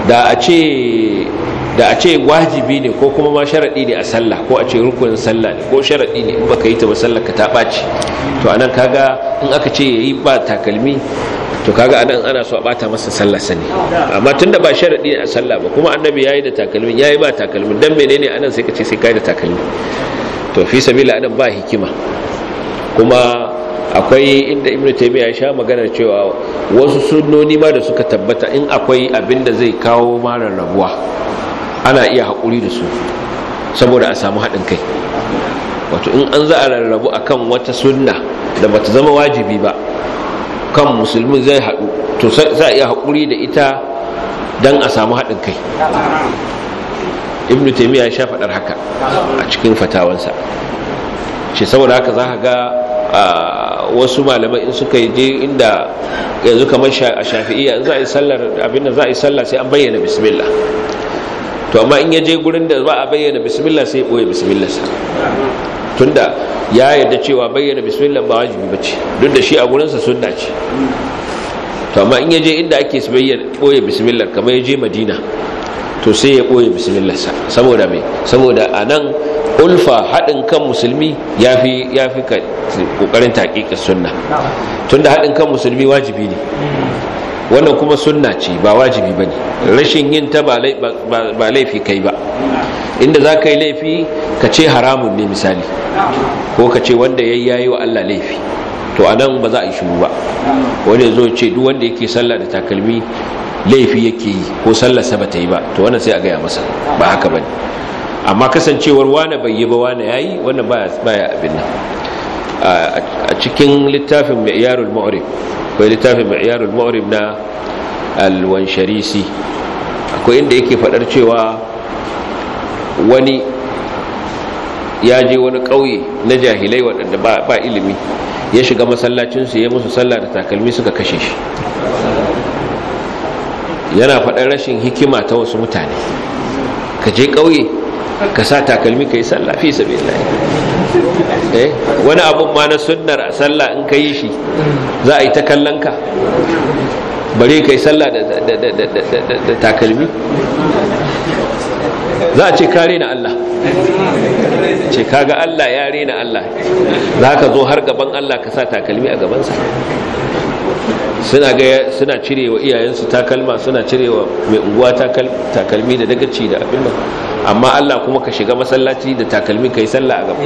da a ce da a ce wajibi ne ko kuma ma sharaɗi ne a sallah ko a ce rukunin sallah ne ko sharaɗi ne in baka yi ta ba sallah ka ta ɓaci to anan kaga in aka ce yayi ba takalmi to kaga anan ana so a bata masa sallah sani amma tunda ba sharadi a sallah ba kuma annabi yayi da takalmin yayi ba takalmin dan menene anan sai ka ce sai kai da takalmi to fi sabila anan ba hikima kuma akwai inda ibnu taymiya ya sha magana cewa wasu sunnoni ma da suka tabbata in akwai abin da zai kawo marar rabuwa ana iya haƙuri da su saboda a samu haɗin kai wato in an za a rarrabu akan wata sunna da bata zama wajibi ba kan musulmin zai haɗu to za a iya haƙuri da ita don a samu haɗin kai ibn taimiyya ya sha faɗar haka a cikin fatawansa shi saboda haka za ga wasu malamai in suka je inda yanzu kamar a shafi'iyya za a yi sallar abinda za a yi sallar sai an bayyana bismillah to amma in ya je gurin da ba a bayyana bismillah sai boye bismillah sa tunda ya yarda cewa bayyana bismillah ba wajibi bace duk da shi a gurin sa sunna ce to amma in ya je inda ake bayyana boye bismillah kamar ya je madina to sai ya boye bismillah sa saboda me saboda anan ulfa haɗin kan musulmi ya fi ƙoƙarin taƙiƙin sunna tunda haɗin kan musulmi wajibi ne wannan kuma sunna ce ba wajibi bane rashin yin ta ba laifi kai ba inda za ka yi laifi ka ce haramun ne misali ko ka ce wanda ya yi wa Allah laifi to a nan ba za a yi shuru ba wani zo ce duk wanda yake sallah da takalmi laifi yake yi ko sallarsa ba ta yi ba to wannan sai a gaya masa ba haka ba ne amma kasancewar wane bai yi ba wane ya yi wannan baya abin nan a cikin littafin mai yarul mu'rib akwai littafin ma'iyarul ma'urib na alwansharisi akwai inda yake fadar cewa wani ya je wani ƙauye na jahilai waɗanda ba ilimi ya shiga masallacinsu ya musu sallah da takalmi suka kashe shi yana faɗar rashin hikima ta wasu mutane ka je ƙauye ka sa takalmi ka yi sallafi fi sabi Eh, wani abun ma na sunnar sallah in ka yi shi za a yi ta kallon ka bare ka yi sallah da takalmi za a ce ka rena Allah ce kaga Allah ya rena Allah za ka zo har gaban Allah ka sa takalmi a gabansa suna ga suna cirewa iyayensu takalma suna cirewa mai unguwa takalmi da dagaci da abin nan amma Allah kuma ka shiga masallaci da takalmi kai sallah a gaba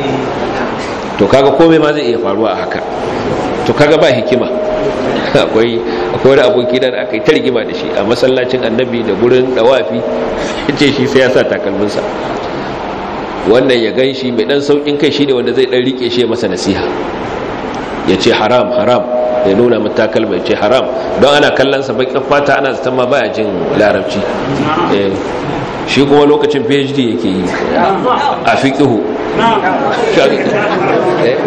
to kaga komai ma zai iya faruwa a haka to kaga ba hikima akwai akwai wani aboki da aka yi ta rigima da shi a masallacin annabi da gurin dawafi yace shi sai ya sa takalminsa wannan ya gan shi mai dan saukin kai shi ne wanda zai dan rike shi ya masa nasiha ya ce haram haram ya nuna matakal mai ce haram don ana kallon sa bakin fata ana zaton ma baya jin larabci eh. shi kuma lokacin phd yake yi a fiƙihu eh.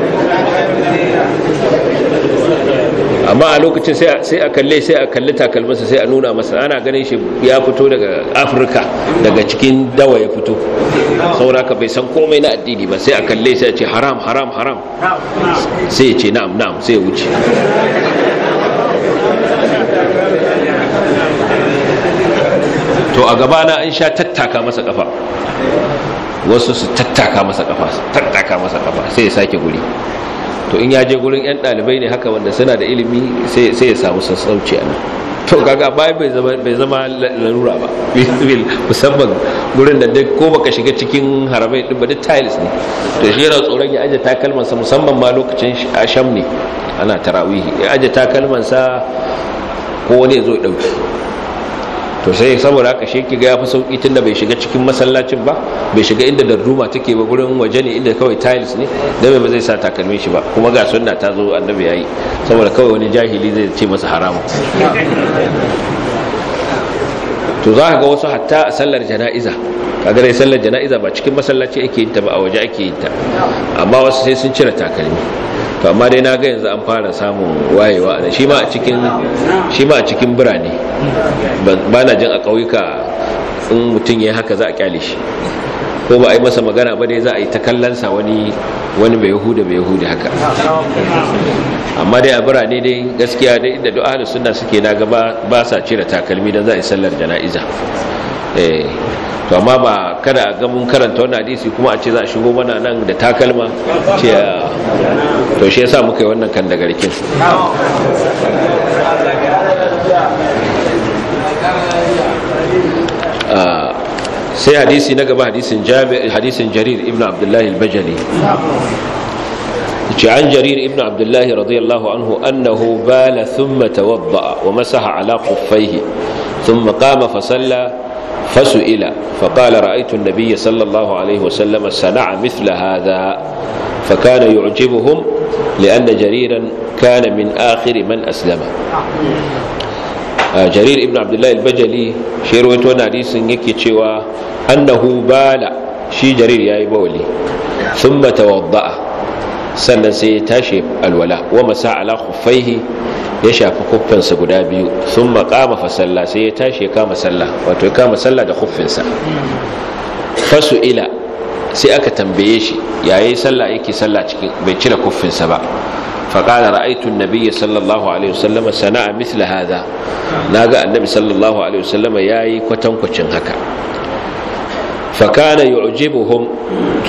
amma a lokacin sai a kalle sai a kalli takalmasa sai a nuna masa ana ganin shi ya fito daga afirka daga cikin dawa ya fito sauraka bai san komai na addini ba sai a kalle sai a ce haram haram haram sai ya ce na'am na'am sai ya wuce to a gabana an sha tattaka masa kafa wasu su tattaka masa kafa tattaka masa kafa sai ya sake guri to in ya je gurin yan dalibai ne haka wanda suna da ilimi sai ya samu sassauci a nan to kaga bai bai zama larura ba bisbil musamman gurin da dai ko baka shiga cikin harabai din ba duk tiles ne to shi yana tsoron ya aje takalmansa musamman ma lokacin asham ne ana tarawihi ya aje takalmansa ko wani ya zo ya dauki to sai saboda haka shi kiga yafi fi sauki tunda bai shiga cikin masallacin ba bai shiga inda darduma take ba gurin waje ne inda kawai tiles ne da ba zai sa takalmin shi ba kuma ga sunna ta zo annabi yayi saboda kawai wani jahili zai ce masa haramun. to za ka ga wasu hatta a sallar jana'iza kaga dai sallar jana'iza ba cikin masallaci ake yinta ta ba a waje ake yinta amma wasu sai sun cire takalmi to amma dai na ga yanzu an fara samun wayewa a cikin shi ma a cikin birane ba na jin a ƙauyuka in mutum ya haka za a kyale shi ko ba a yi masa magana ba dai za a yi ta kallonsa wani wani mai yahuda mai yahuda haka amma dai a birane dai gaskiya dai inda duk ahlus sunna suke na gaba ba sa cire takalmi dan za a yi sallar jana'iza eh to amma ba kada a ga mun karanta wannan hadisi kuma a ce za a shigo mana nan da takalma ce to shi yasa muka yi wannan kan da garkin ah sai hadisi na gaba hadisin jami hadisin jarir ibn abdullahi al-bajali ce an jarir ibn abdullahi radiyallahu anhu annahu bala thumma tawadda wa masaha ala quffaihi thumma qama fa salla فسئل فقال رأيت النبي صلى الله عليه وسلم صنع مثل هذا فكان يعجبهم لأن جريرا كان من آخر من أسلم jarir ibn abdullahi al-bajali shi rawaito wannan hadisin yake cewa annahu bala shi jarir yayi bawli thumma tawadda'a sannan sai ya tashi alwala wa masa ala khuffaihi ya shafi sa guda biyu thumma qama fa salla sai ya tashi ya kama sallah wato ya kama sallah da kuffinsa ila sai aka tambaye shi yayi sallah yake sallah cikin bai cire kuffinsa ba فقال رأيت النبي صلى الله عليه وسلم صنع مثل هذا ناقا النبي صلى الله عليه وسلم ياي كتن كتن هكا فكان يعجبهم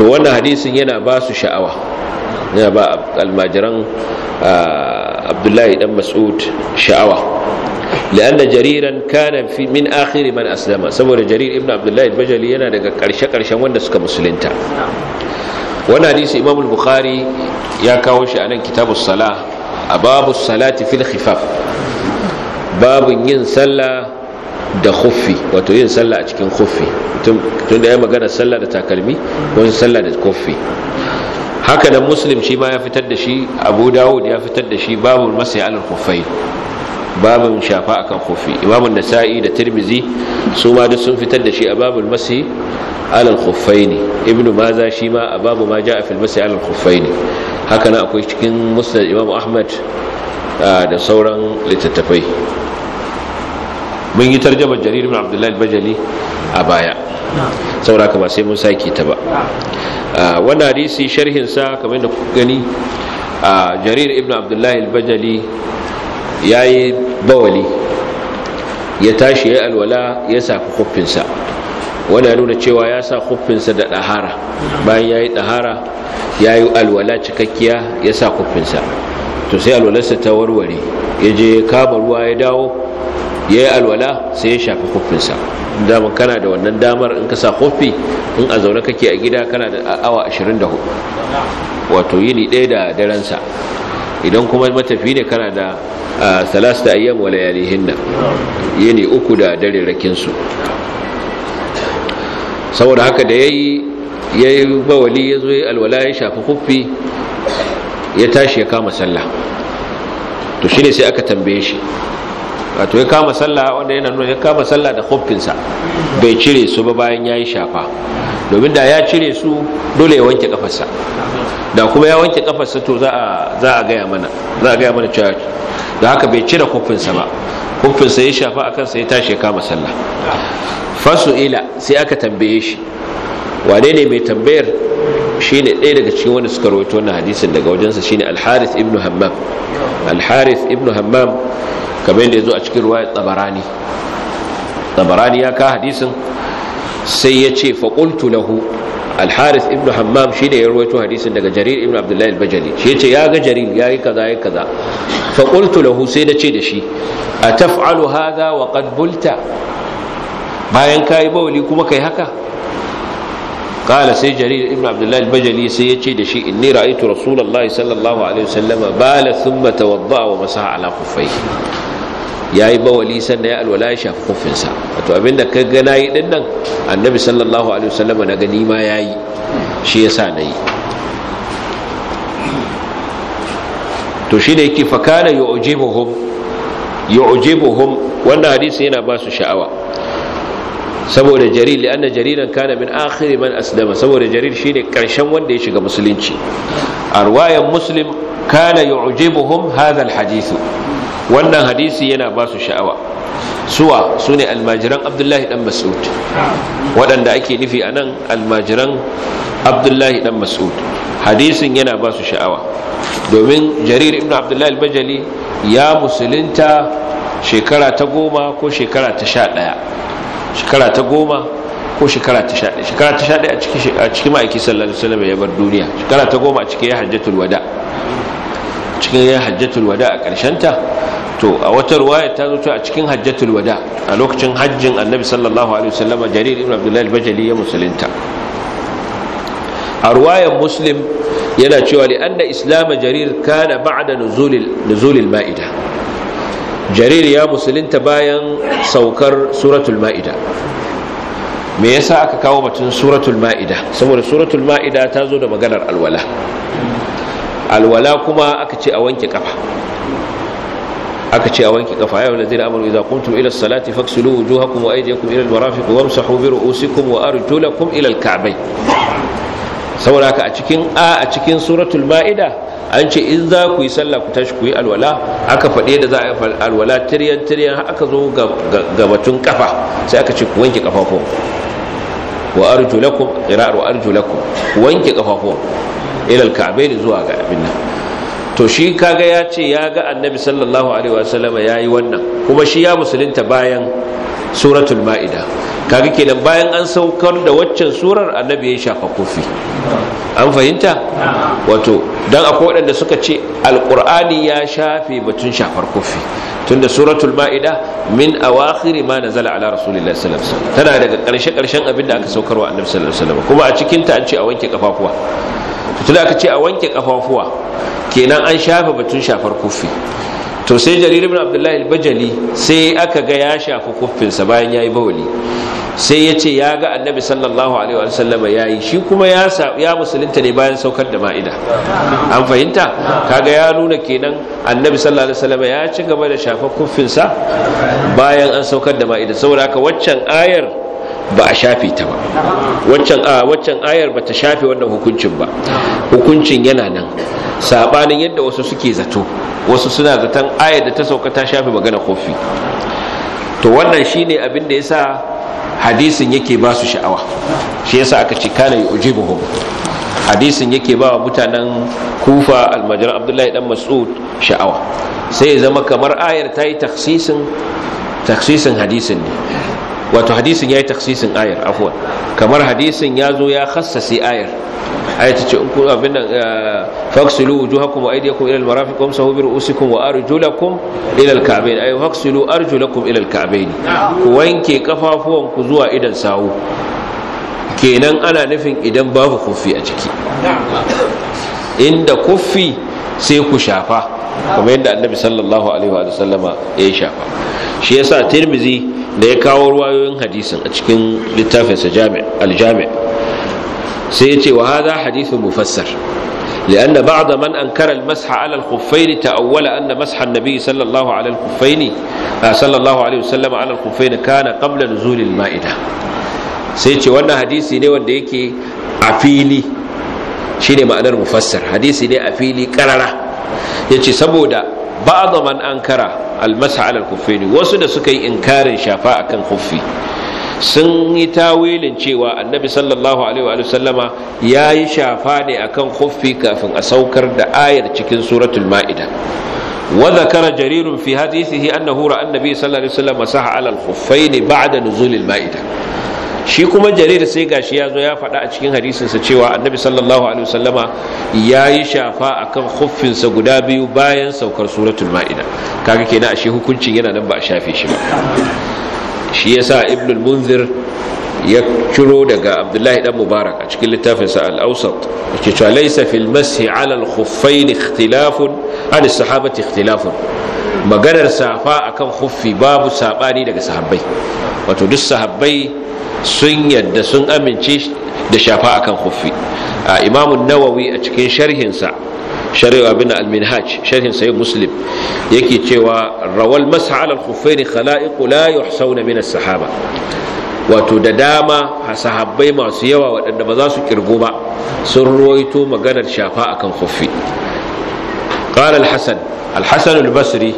وانا حديث ينا باس شعوة ينا با الماجران عبد الله بن مسعود شعوة لأن جريرا كان في من آخر من أسلم سبب جرير ابن عبد الله البجلي ينا دقا قرشا قرشا وانا سكا مسلمتا Wani hadisi imam al-bukhari ya kawo shi a nan kitabus sala a babu salati fil khifaf babun yin sallah da khuffi wato yin sallah a cikin khuffi tun da ya magana sallah da takalmi ko yin sallah da khuffi haka nan muslim shi ma ya fitar da shi abu dawud ya fitar da shi babul masai alal khuffain babin shafa akan kofi imamun nasa'i da tirmizi su ma duk sun fitar da shi a babul masi alal khuffaini ibnu maza shi ma a babu ma ja'a fil masi alal khuffaini haka nan akwai cikin musnad imamu ahmad da sauran littattafai mun yi tarjamar jarir ibn abdullahi bajali a baya saura ba sai mun sake ta ba wannan hadisi sharhinsa sa kamar da kuka gani jarir ibn abdullahi bajali ya yi bawali ya tashi ya alwala ya safi kuffinsa wanda nuna cewa ya sa kuffinsa da ɗahara bayan ya yi ɗahara ya yi alwala cikakkiya ya sa kuffinsa to sai alwalarsa ta warware ya je kama ruwa ya dawo ya yi alwala sai ya shafi kuffinsa dama kana da wannan damar in ka sa kofi in a zaune kake a gida kana da awa 24 wato yini ɗaya da darensa idan kuma matafi ne kana da salasta ayyam wa layalihinna yini uku da dare rakin su saboda haka da yayi yayi wali yazo yi alwala ya shafa kuffi ya tashi ya kama sallah to shine sai aka tambaye shi wato ya kama sallah wanda yana nuna ya kama sallah da huffinsa bai cire su ba bayan ya yi shafa domin da ya cire su dole ya wanke kafarsa da kuma ya wanke kafarsa to za a gaya mana za a gaya mana cewa da haka bai cire huffinsa ba huffinsa ya shafa a kansa ya tashi ya kama sallah fasu ila sai aka tambaye shi wane ne mai tambayar shine ɗaya daga cikin wanda suka rawaito wannan hadisin daga wajensa shine al-harith ibn hammam al-harith ibn hammam kamar yadda yazo a cikin riwayat tabarani tabarani ya ka hadisin sai ya ce fa qultu lahu al-harith ibn hammam shine ya rawaito hadisin daga jarir ibn Abdullahi al-bajali shi yace ya ga jarir yayi kaza ya kaza fa qultu lahu sai da ce da shi ataf'alu hadha wa qad bulta bayan kai bawli kuma kai haka qala sai jaridar ibn abdullah al-bajali sai yace da shi inni ra'aytu rasulullahi sallallahu alaihi wasallam bala thumma tawadda wa masaha ala khuffaihi yayi bawali sannan ya alwala ya shafi kufinsa wato abinda ka ga nayi din nan annabi sallallahu alaihi wasallam na gani ma yayi shi yasa nayi to shine yake fakana yu'jibuhum yu'jibuhum wannan hadisi yana basu sha'awa saboda jarir li anna jariran kana min akhir man aslama saboda jarir shine karshen wanda ya shiga musulunci arwayan ruwayan muslim kana yu'jibuhum hadha alhadith wannan hadisi yana ba su sha'awa suwa sune almajiran abdullahi dan mas'ud waɗanda ake nufi anan almajiran abdullahi dan mas'ud hadisin yana ba su sha'awa domin jarir ibn abdullahi albajali ya musulunta shekara ta goma ko shekara ta sha ɗaya shekara ta goma ko shekara ta sha shekara ta sha a cikin ma'aiki sallallahu alaihi wasallam ya bar duniya shekara ta goma a cikin ya hajjatul wada cikin ya hajjatul wada a ƙarshen ta, to a wata ruwaya ta zo a cikin hajjatul wada a lokacin hajjin annabi sallallahu alaihi wasallam jarir ibn Abdullahi al-bajali ya musulunta a ruwayan muslim yana cewa li anna islam jarir kana ba'da nuzulil nuzulil ma'ida jarir ya musulunta bayan saukar suratul ma'ida me yasa aka kawo batun suratul ma'ida saboda suratul ma'ida ta zo da maganar alwala alwala kuma aka ce a wanke kafa aka ce a wanke kafa ya wallazina amanu idza qumtum ila salati faghsilu wujuhakum wa aydiyakum ila al-marafiq wamsahu bi ru'usikum wa arjulakum ila al-ka'bayn saboda haka a cikin a a cikin suratul ma'ida an ce in za ku yi sallah ku tashi ku yi alwala aka faɗe da za a yi alwala tiryan tiryan aka zo ga batun kafa sai aka ce ku wanke kafafun wa arjulakum qira'a wa arjulakum ku wanke kafafun ila ni zuwa ga abin nan to shi kaga ya ce ya ga annabi sallallahu alaihi wasallam yayi wannan kuma shi ya musulunta bayan suratul ma'ida kaga kenan bayan an saukar da waccan surar annabi ya shafa kofi an fahimta wato dan akwai waɗanda suka ce alqur'ani ya shafe batun shafar kofi tunda suratul ma'ida min awakhir ma nazala ala rasulillahi sallallahu alaihi wasallam tana daga karshe karshen abin da aka saukarwa annabi sallallahu alaihi wasallam kuma a cikin ta an ce a wanke kafafuwa tunda aka ce a wanke kafafuwa kenan an shafe batun shafar kofi to sai jarir ibn abdullahi al-bajali sai aka ga ya shafi kuffinsa bayan yayi bawali sai ya ce ya ga annabi sallallahu alaihi wasallam ya yi shi kuma ya ya musulunta ne bayan saukar da ma'ida an fahimta kaga ya nuna kenan annabi sallallahu alaihi wasallam ya ci gaba da shafa kuffinsa bayan an saukar da ma'ida saboda haka waccan ayar ba a shafe ta ba waccan a waccan ayar bata ta shafe wannan hukuncin ba hukuncin yana nan sabanin yadda wasu suke zato wasu suna zaton ayar da ta sauka ta shafe magana kofi to wannan shine abin da yasa hadisin yake ba su sha'awa shi yasa aka ce kana yujibuhum hadisin yake ba wa mutanen kufa almajar abdullahi dan mas'ud sha'awa sai ya zama kamar ayar ta yi taksisin hadisin ne wato hadisin ya yi taksisin ayar afuwa kamar hadisin ya zo ya khassasi ayar ayar ta ce uku abin nan eh, faksilu wujuhakum wa aydiyakum ila almarafiq wamsahu bi ru'usikum wa arjulakum ila alka'bayn ay faksilu arjulakum ila alka'bayn ku wanke kafafuwan ku zuwa idan sawu kenan ana nufin idan babu kufi a ciki inda kufi sai ku shafa kamar yadda annabi sallallahu alaihi wa sallama ya shafa shi yasa tirmizi da ya kawo ruwayoyin hadisin a cikin littafinsa aljami sai yace ce wa hadha hadithun mufassar لأن بعض من أنكر المسح على الخفين تأول أن مسح النبي صلى الله على الخفين صلى الله عليه وسلم على الخفين كان قبل نزول المائدة سيتي وانا حديثي ne wanda yake a shine ma'anar mufassar hadisi ne a karara Ya ce saboda ba'd man ankara almasa ala ne wasu da suka yi inkarin shafa akan kuffi sun yi tawilin cewa annabi sallallahu alaihi wa sallama ya yi shafa ne akan kuffi kafin a saukar da ayar cikin suratul ma'ida wa zakara jarirun fi hadithihi annahu ra'a annabi sallallahu alaihi wa sallama saha ala al-khuffaini ba'da nuzulil ma'ida shi kuma jarir sai gashi ya zo ya faɗa a cikin hadisinsa cewa annabi sallallahu alaihi wasallama ya yi shafa akan huffinsa guda biyu bayan saukar suratul ma'ida kaga kenan ashe hukuncin yana nan ba a shafe shi ba shi yasa ibnul munzir ya ciro daga abdullahi dan mubarak a cikin littafinsa al-awsat yake cewa laysa fil mashi ala al-khuffayn ikhtilafun an sahabati ikhtilafun maganar safa akan huffi babu sabani daga sahabbai wato duk sahabbai sun yadda sun amince da shafa akan khuffi imamun nawawi a cikin sharhinsa shari'a bin al-minhaj sharhin sahih muslim yake cewa rawal mas'a ala al-khuffaini khala'iq la yuhsawna min as-sahaba wato da dama sahabbai masu yawa waɗanda ba za su kirgo ba sun ruwaito maganar shafa akan khuffi قال الحسن الحسن البصري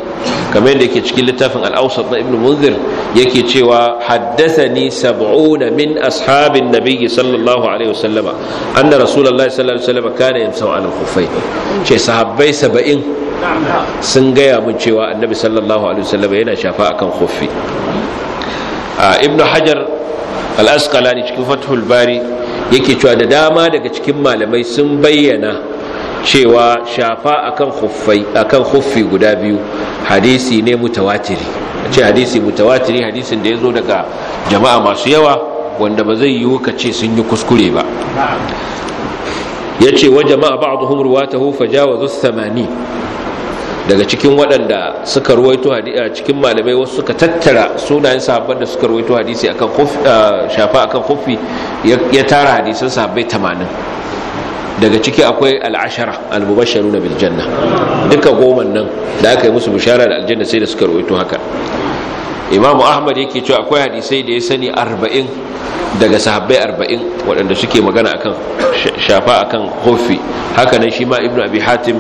كما يكي cikin littafin al na ibn munzir yake cewa haddathani 70 min ashabin nabiy sallallahu alaihi wasallam anna rasulullahi sallallahu alaihi wasallam kana yamsau al khuffayn ce sahabbai 70 sun gaya mun cewa annabi sallallahu alaihi wasallam yana shafa akan kofi. ibn hajar al-asqalani cikin fathul bari yake cewa da dama daga cikin malamai sun bayyana cewa shafa akan khuffi akan guda biyu hadisi ne mutawatiri ce hadisi mutawatiri hadisin da yazo daga jama'a masu yawa wanda ba zai yiwu ka ce sun yi kuskure ba yace wa jama'a ba'dhum ruwatahu fajawazu 80 daga cikin waɗanda suka ruwaito hadisi cikin malamai wasu suka tattara sunayen sahabban da suka ruwaito hadisi akan shafa akan khuffi ya tara hadisan sahabbai 80 daga ciki akwai al'ashara al-mubashsharun bil janna duka goman nan da aka yi musu bishara da aljanna sai da suka rawaito haka imamu ahmad yake cewa akwai hadisai da ya sani arba'in daga sahabbai arba'in waɗanda suke magana akan shafa akan hofi haka nan shi ma ibnu abi hatim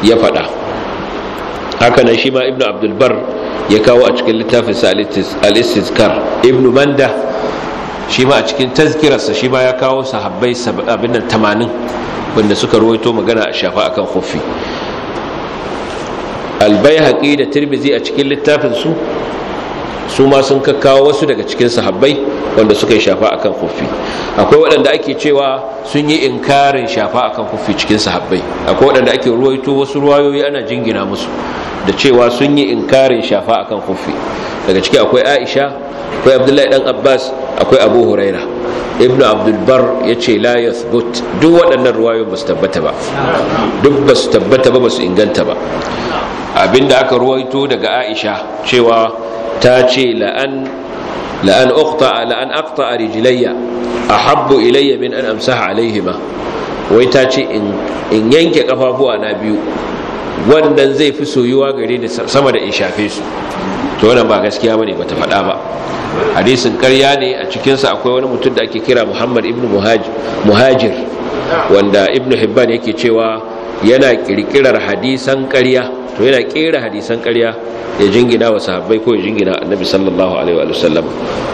ya faɗa haka nan shi ma ibnu abdulbar ya kawo a cikin littafin sa al-istizkar ibnu manda shi ma a cikin tazkirarsa shi ma ya kawo sahabbai abin nan tamanin wanda suka ruwaito magana a shafa akan khuffi albai haƙi da tirmizi a cikin littafinsu su ma sun kakkawo wasu daga cikin sahabbai wanda suka yi shafa akan kuffi akwai waɗanda ake cewa sun yi inkarin shafa akan kuffi cikin sahabbai akwai waɗanda ake ruwaito wasu ruwayoyi ana jingina musu da cewa sun yi inkarin shafa akan kuffi daga ciki akwai aisha akwai abdullahi dan abbas akwai abu huraira ibn abdulbar ya ce la yathbut duk waɗannan ruwayoyin ba su tabbata ba duk ba su tabbata ba ba su inganta ba abinda aka ruwaito daga aisha cewa ta ce la'an la'an akta a rijilayya a habbo ilayya min an amsaha alaihima wai ta ce in yanke kafafuwa na biyu wannan zai fi soyuwa gare ni sama da in shafe su to wannan ba gaskiya bane bata faɗa ba hadisin karya ne a cikinsa akwai wani mutum da ake kira Muhammad ibn Muhajir wanda ibn Hibban yake cewa yana kirkirar hadisan ƙarya to yana kera hadisan ƙarya ya jingina wa sahabbai ko ya jingina annabi sallallahu alaihi wa sallam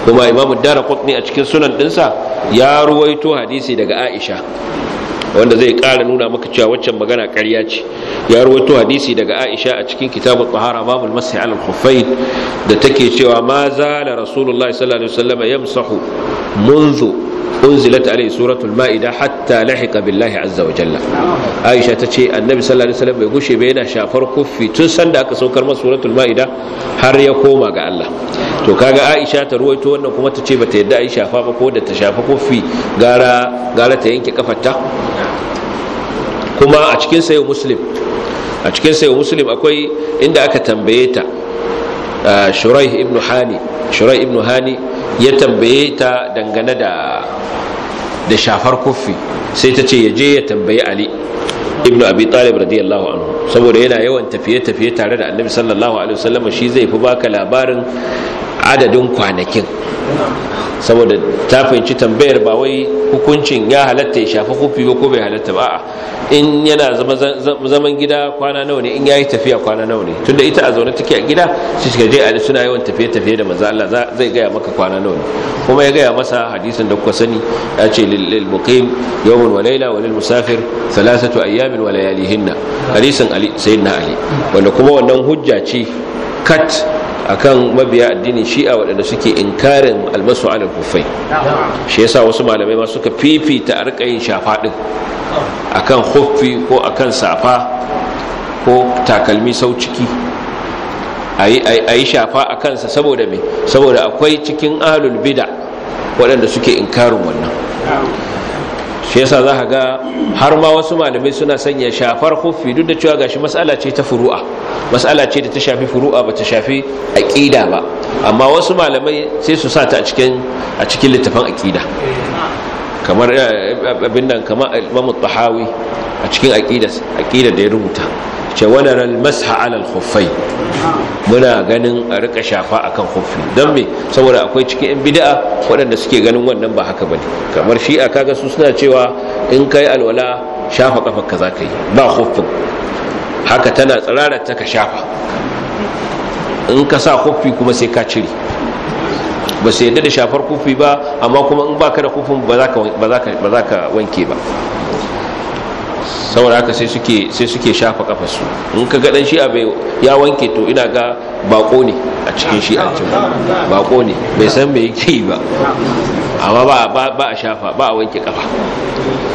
kuma imamu kutni a cikin sunan dinsa ya ruwaito hadisi daga Aisha wanda zai ƙara nuna maka cewa waccan magana ƙarya ce ya ruwaito hadisi daga Aisha a cikin kitabul tahara babul masih al khuffain da take cewa ma zala rasulullahi sallallahu alaihi sallam yamsahu منذ unzilat alaihi suratul ma'ida hatta lahiqa billahi azza wa jalla aisha tace annabi sallallahu alaihi wasallam bai gushe ba yana shafar kuffi tun sanda aka saukar masa suratul ma'ida har ya koma ga Allah to kaga aisha ta ruwaito wannan kuma ta ce bata yadda ai shafa ba ko da ta shafa kuffi gara gara ta yanke kafarta kuma a cikin sayo muslim a cikin sayyid muslim akwai inda aka tambaye ta shurai ibn hani ibn hani ya tambaye ta dangane da da shafar kuffi sai ta ce ya je ya tambayi ali ibnu abi talib radiyallahu anhu saboda yana yawan tafiye-tafiye tare da annabi sallallahu alaihi wasallam shi zai fi baka labarin adadin kwanakin saboda ta fahimci tambayar ba wai hukuncin ya halatta ya shafi kofi ba ko bai halatta ba in yana zaman gida kwana nawa ne in yayi tafiya kwana nawa ne tunda ita a zaune take a gida shi shiga je ali suna yawan tafiye tafiye da manzo Allah zai gaya maka kwana nawa ne kuma ya gaya masa hadisin da kuka sani ya ce lil muqim yawmun wa layla wa lil musafir thalathatu ayyamin wa layalihinna hadisin ali sayyidina ali wanda kuma wannan hujja ce kat akan mabiya addini shi'a waɗanda suke inkarin almasu alal kufai shi yasa wasu malamai ma suka fifita a rika yin shafa din akan huffi ko akan safa ko takalmi sau ciki a yi shafa a kansa saboda me saboda akwai cikin alul bida waɗanda suke inkarin wannan shi yasa za ka ga har ma wasu malamai suna sanya shafar kufi duk da cewa gashi mas'ala ce ta furu'a mas'ala ce da ta shafi furu'a ba ta shafi aƙida ba amma wasu malamai sai su sa ta a cikin a cikin littafin aqida kamar eh, eh, abin nan kamar imamu tahawi a cikin aƙidar da ya rubuta ce wanar almasha alal khuffai muna ganin a rika shafa akan khuffi don me saboda akwai cikin yan bid'a waɗanda suke ganin wannan ba haka bane kamar shi shi'a kaga su suna cewa in kai alwala shafa kafar ka zaka yi ba khuffin haka tana tsirarar ta ka shafa in ka sa khuffi kuma sai ka cire ba su yadda da shafar kufi ba amma kuma in baka da kufin ba za ka wanke ba saboda haka sai suke shafa kafarsu in ka gaɗan shi abai ya wanke to ina ga bako ne a cikin shi an bako ne bai san mai yake yi ba amma ba a shafa ba a wanke kafa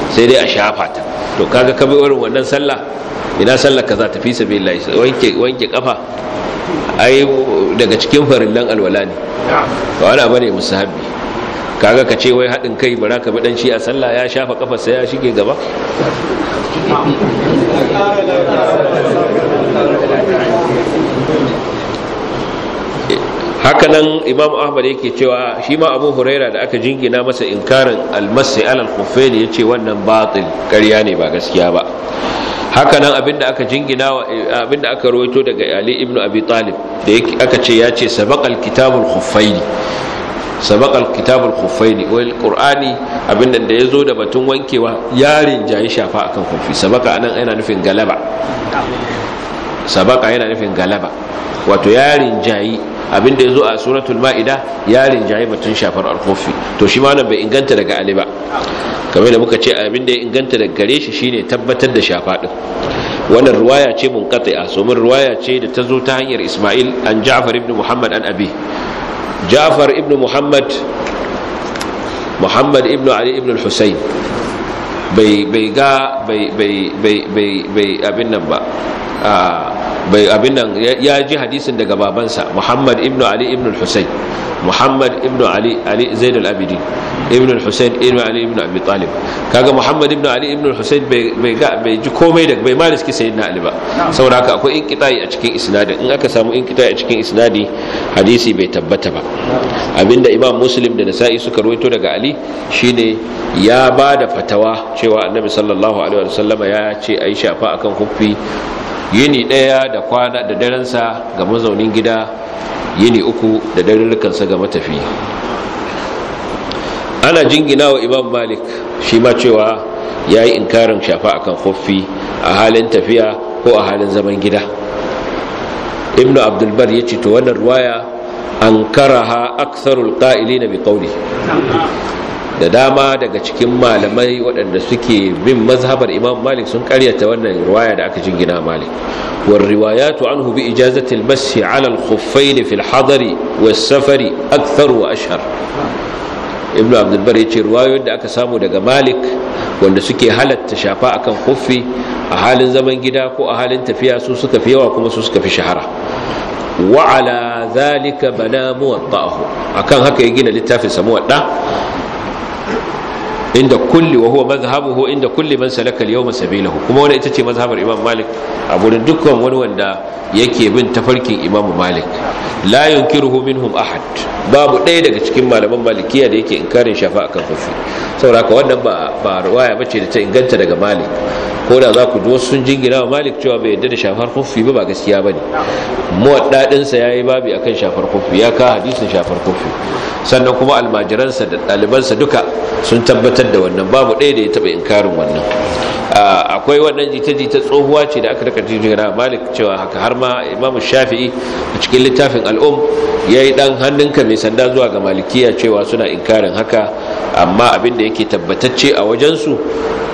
sai dai a shafa ta to kaga ka bi irin wannan sallah ina sallar ka za ta fi sabilillah wanke wanke kafa ai daga cikin farillan alwala ne ba wani bane musahabi kaga ka ce wai haɗin kai bara ka bi dan shi a sallah ya shafa kafarsa ya shige gaba hakanan imam ahmad yake cewa shi ma abu huraira da aka jingina masa inkarin almasi alal ya ce wannan batil ƙarya ne ba gaskiya ba hakanan abinda aka jingina eh, abinda aka rawaito daga ali ibnu abi talib da aka ce ya ce sabaqal kitabul khuffaini sabaqal kitabul khuffaini wal qur'ani abinda da yazo da batun wankewa yarin jayi shafa akan kufi. sabaqa anan yana nufin galaba sabaqa yana nufin galaba wato yarin jayi abinda ya zo a suratul ma'ida ya rinjaye batun shafar alkofi to shi malam bai inganta daga ali ba kamar da muka ce abinda ya inganta daga gare shi shine tabbatar da shafa din wannan ruwaya ce munqati'a somin ruwaya ce da ta zo ta hanyar Isma'il an Ja'far ibn Muhammad an abi Ja'far ibn Muhammad Muhammad ibn Ali ibn al-Husayn bai bai ga bai bai bai bai abin nan ba ah, bai abin nan ya ji hadisin daga babansa Muhammad ibn Ali ibn Hussein Muhammad ibn Ali Ali Zaid al-Abidin ibn Hussein ibn Ali ibn Abi Talib kaga Muhammad ibn Ali ibn Hussein bai bai bai ji komai daga bai ma riski sayyidina Ali ba saboda haka akwai inqita'i a cikin isnadin in aka samu inqita'i a cikin isnadi hadisi bai tabbata ba abinda Imam Muslim da Nasa'i suka ruwaito daga Ali shine ya bada fatawa cewa Annabi sallallahu alaihi wasallam ya ce Aisha fa akan kuffi yini ɗaya da kwana da darensa ga mazaunin gida yini uku da darurrukansa ga matafi ana jingina wa imam malik shi ma cewa ya yi inkarin shafa akan hoffi a halin tafiya ko a halin zaman gida ibnu abdulbar ya ce to wannan ruwaya an karaha aksarul ƙa'ili na da dama daga cikin malamai waɗanda suke bin mazhabar imam malik sun karyata wannan riwaya da aka jingina malik Wa riwayatu anhu bi ijazati al-mashi ala al-khuffayn fi al-hadari safari akthar wa ashhar ibn abdul bar yace riwayoyin da aka samu daga malik wanda suke halatta shafa akan khuffi a halin zaman gida ko a halin tafiya su suka fi yawa kuma su suka fi shahara wa ala zalika bana muwatta'ahu akan haka ya gina littafin sa muwadda inda kulli wa huwa mazhabuhu inda kulli man salaka al-yawma sabilahu kuma wannan ita ce mazhabar Imam Malik a gurin dukkan wani wanda yake bin tafarkin Imam Malik la yunkiruhu minhum ahad babu ɗaya daga cikin malaman malikiya da yake inkarin shafa akan fufi saboda haka wannan ba ba riwaya bace da ta inganta daga Malik ko da za ku ji wasu sun jingina wa Malik cewa bai yarda da shafar kofi ba ba gaskiya bane muwaddadin sa yayi babi akan shafar kofi ya ka hadisin shafar kofi sannan kuma almajiransa da ɗalibansa duka sun tabbatar inkar da wannan babu ɗaya da ya taɓa inkarin wannan akwai wannan jita-jita tsohuwa ce da aka daga jijira malik cewa haka har ma imamu shafi'i a cikin littafin al'um ya yi ɗan hannunka mai sanda zuwa ga malikiya cewa suna inkarin haka amma abin da yake tabbatacce a wajensu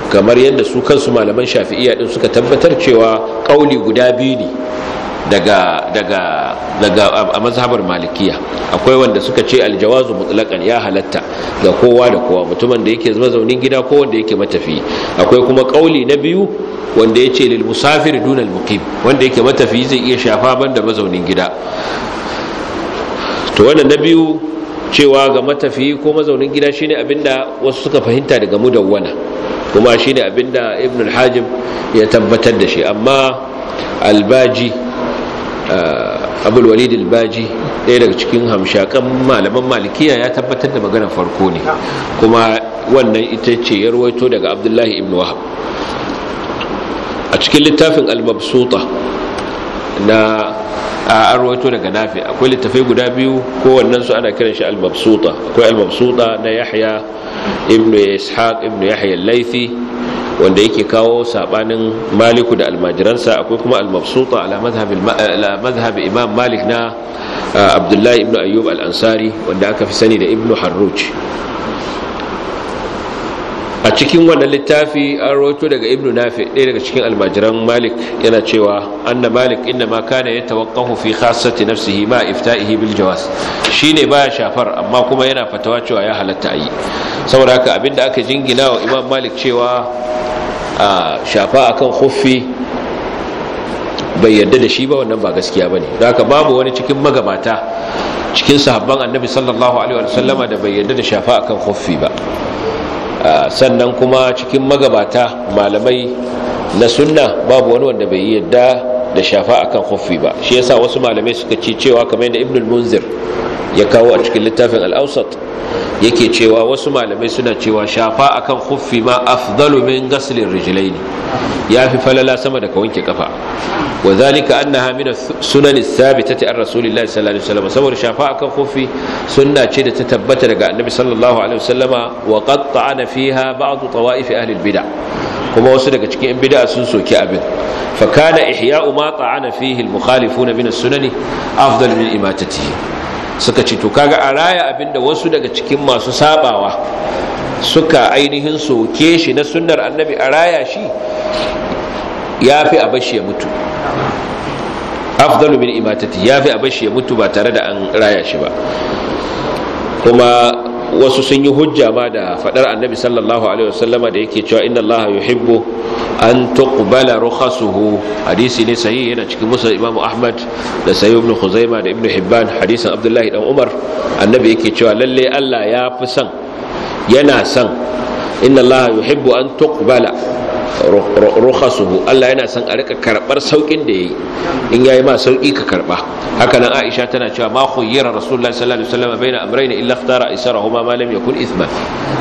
kamar yadda su kansu malaman shafi'iya ɗin suka tabbatar cewa ƙauli guda biyu ne daga a mazhabar malikiya akwai wanda suka ce aljawazu mutlaqan ya halatta ga kowa da kowa mutumin da yake mazaunin gida ko wanda yake matafi akwai kuma kauli na biyu wanda yace lil musafir dunal muqim wanda yake matafi zai iya shafa banda mazaunin gida to wannan na biyu cewa ga matafi ko mazaunin gida shine abinda wasu suka fahimta daga mudawwana kuma shine abinda ibn al-hajim ya tabbatar da shi amma albaji abulwalid walid al ɗaya daga cikin hamshakan malaman malikiya ya tabbatar da maganar farko ne kuma wannan ita ce ya ruwaito daga abdullahi ibn wahab a cikin littafin al-mabsuta na a arwato daga nafi akwai littafai guda biyu kowannen su ana kiran shi al akwai al na yahya Ibn ishaq Ibn yahya al-laifi wanda yake kawo sabanin maliku da almajiransa akwai kuma almabsuta ala mazhab imam malik na uh, abdullahi ibn ayyub al-ansari wanda aka fi sani da ibn harruj a cikin wannan littafi an rawaito daga ibn nafi ɗaya daga cikin almajiran malik yana cewa anna malik inna ma kana ya tawakkahu fi khassati nafsihi ma ifta'ihi bil jawaz shine baya shafar amma kuma yana fatawa cewa ya halatta yi. saboda haka abinda aka jingina wa imam malik cewa a shafa akan khuffi bai yarda da shi ba wannan ba gaskiya bane haka babu wani cikin magabata cikin sahabban annabi sallallahu alaihi da bai yarda da shafa akan khuffi ba Ah, sannan kuma cikin magabata malamai na sunna babu wani wanda bai yadda da shafa a kan kofi ba shi yasa wasu malamai suka ce cewa kamar yadda Ibnulmunzir munzir ya kawo a cikin littafin al yake cewa wasu malamai suna cewa shafa akan khuffi ma afdalu min ghaslin rijlaini yafi falala sama da ka wanke kafa wazalika zalika annaha min sunan thabitati an rasulillahi sallallahu alaihi wasallam saboda shafa akan khuffi sunna ce da ta tabbata daga annabi sallallahu alaihi wasallama wa qad fiha ba'd tawaif ahli bid'a kuma wasu daga cikin yan bid'a sun soki abin fa kana ihya'u ma ta'ana fihi al-mukhalifuna min as-sunani afdal min imatatihi suka ce to kaga a raya abinda wasu daga cikin masu sabawa suka ainihin soke shi na sunnar annabi a raya shi ya fi a bashi ya mutu afdalu min imatati ya fi a bashi ya mutu ba tare da an raya shi ba kuma wasu sun yi hujja ma da faɗar annabi sallallahu alaihi wasallama da yake cewa inna allaha yuhibbu an tuqbala rukhasuhu hadisi ne sahihi yana cikin musa imamu ahmad da sayyid ibn khuzaima da ibn hibban hadisin abdullahi dan umar annabi yake cewa lalle allah ya fi son yana son inna allaha yuhibbu an tuqbala rukhasuhu Allah yana son a rika karbar saukin da yayi in yayi ma sauki ka karba haka nan Aisha tana cewa ma khayyara Rasulullahi sallallahu alaihi wasallam baina amrayn illa ikhtara aisarahuma ma lam yakun ithma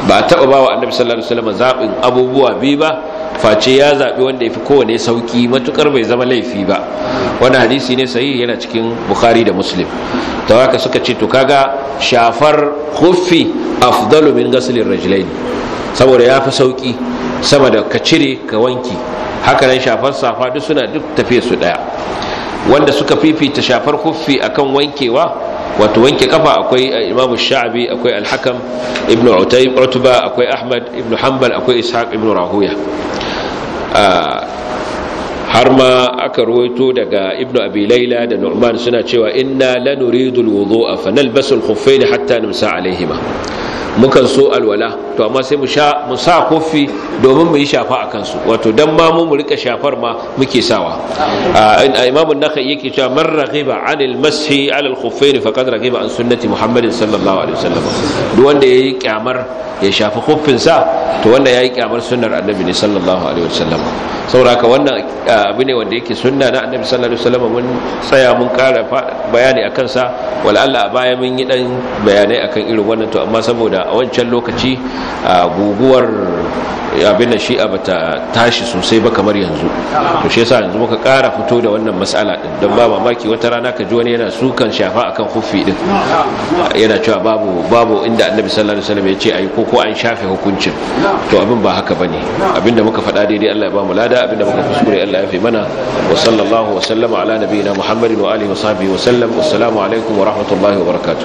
ba ba bawa Annabi sallallahu alaihi wasallam zabin abubuwa bi ba face ya zabi wanda yafi kowane sauki matukar bai zama laifi ba wani hadisi ne sahihi yana cikin Bukhari da Muslim to haka suka ce to kaga shafar khuffi afdalu min ghaslin rajulaini saboda ya fi sauki sama da ka cire ka wanki hakanan shafar safa duk suna duk tafiye su daya wanda suka fifita shafar kuffi akan wankewa wato wanke kafa akwai imamu sha'abi akwai alhakam ibn utayb utba akwai ahmad ibn hanbal akwai ishaq ibn rahuya ah, har ma aka ruwaito daga Ibn abi laila da nu'man suna cewa inna lanuridu alwudu'a fanalbasu alkhuffayn hatta numsa alaihima mukan so alwala to amma sai mu sha mu sa kofi domin mu yi shafa a kansu wato dan ma mu rika shafar ma muke sawa imamu nakhai yake cewa man raghiba anil mashi alal alkhuffayn faqad raghiba an sunnati muhammadin sallallahu alaihi wasallam duk wanda yayi kyamar ya shafa koffin sa to wanda yayi kyamar sunnar annabi ne sallallahu alaihi wasallam saboda haka wannan abu ne wanda yake sunna na annabi sallallahu alaihi wasallam mun tsaya mun kara bayani akan sa wal Allah baya mun yi dan bayanai akan irin wannan to amma saboda a wancan lokaci guguwar abinda da shi'a bata tashi sosai ba kamar yanzu to shi yasa yanzu muka kara fito da wannan mas'ala din don ba mamaki wata rana ka ji wani yana sukan shafa akan huffi din yana cewa babu babu inda annabi sallallahu alaihi wasallam ya ce ayi ko ko an shafe hukuncin to abin ba haka bane abinda muka faɗa daidai Allah ya ba mu lada abinda muka kuskure Allah ya fi mana wa sallallahu wa sallama ala nabiyina Muhammadin wa alihi wa sahbihi wa sallam assalamu alaikum wa rahmatullahi wa barakatuh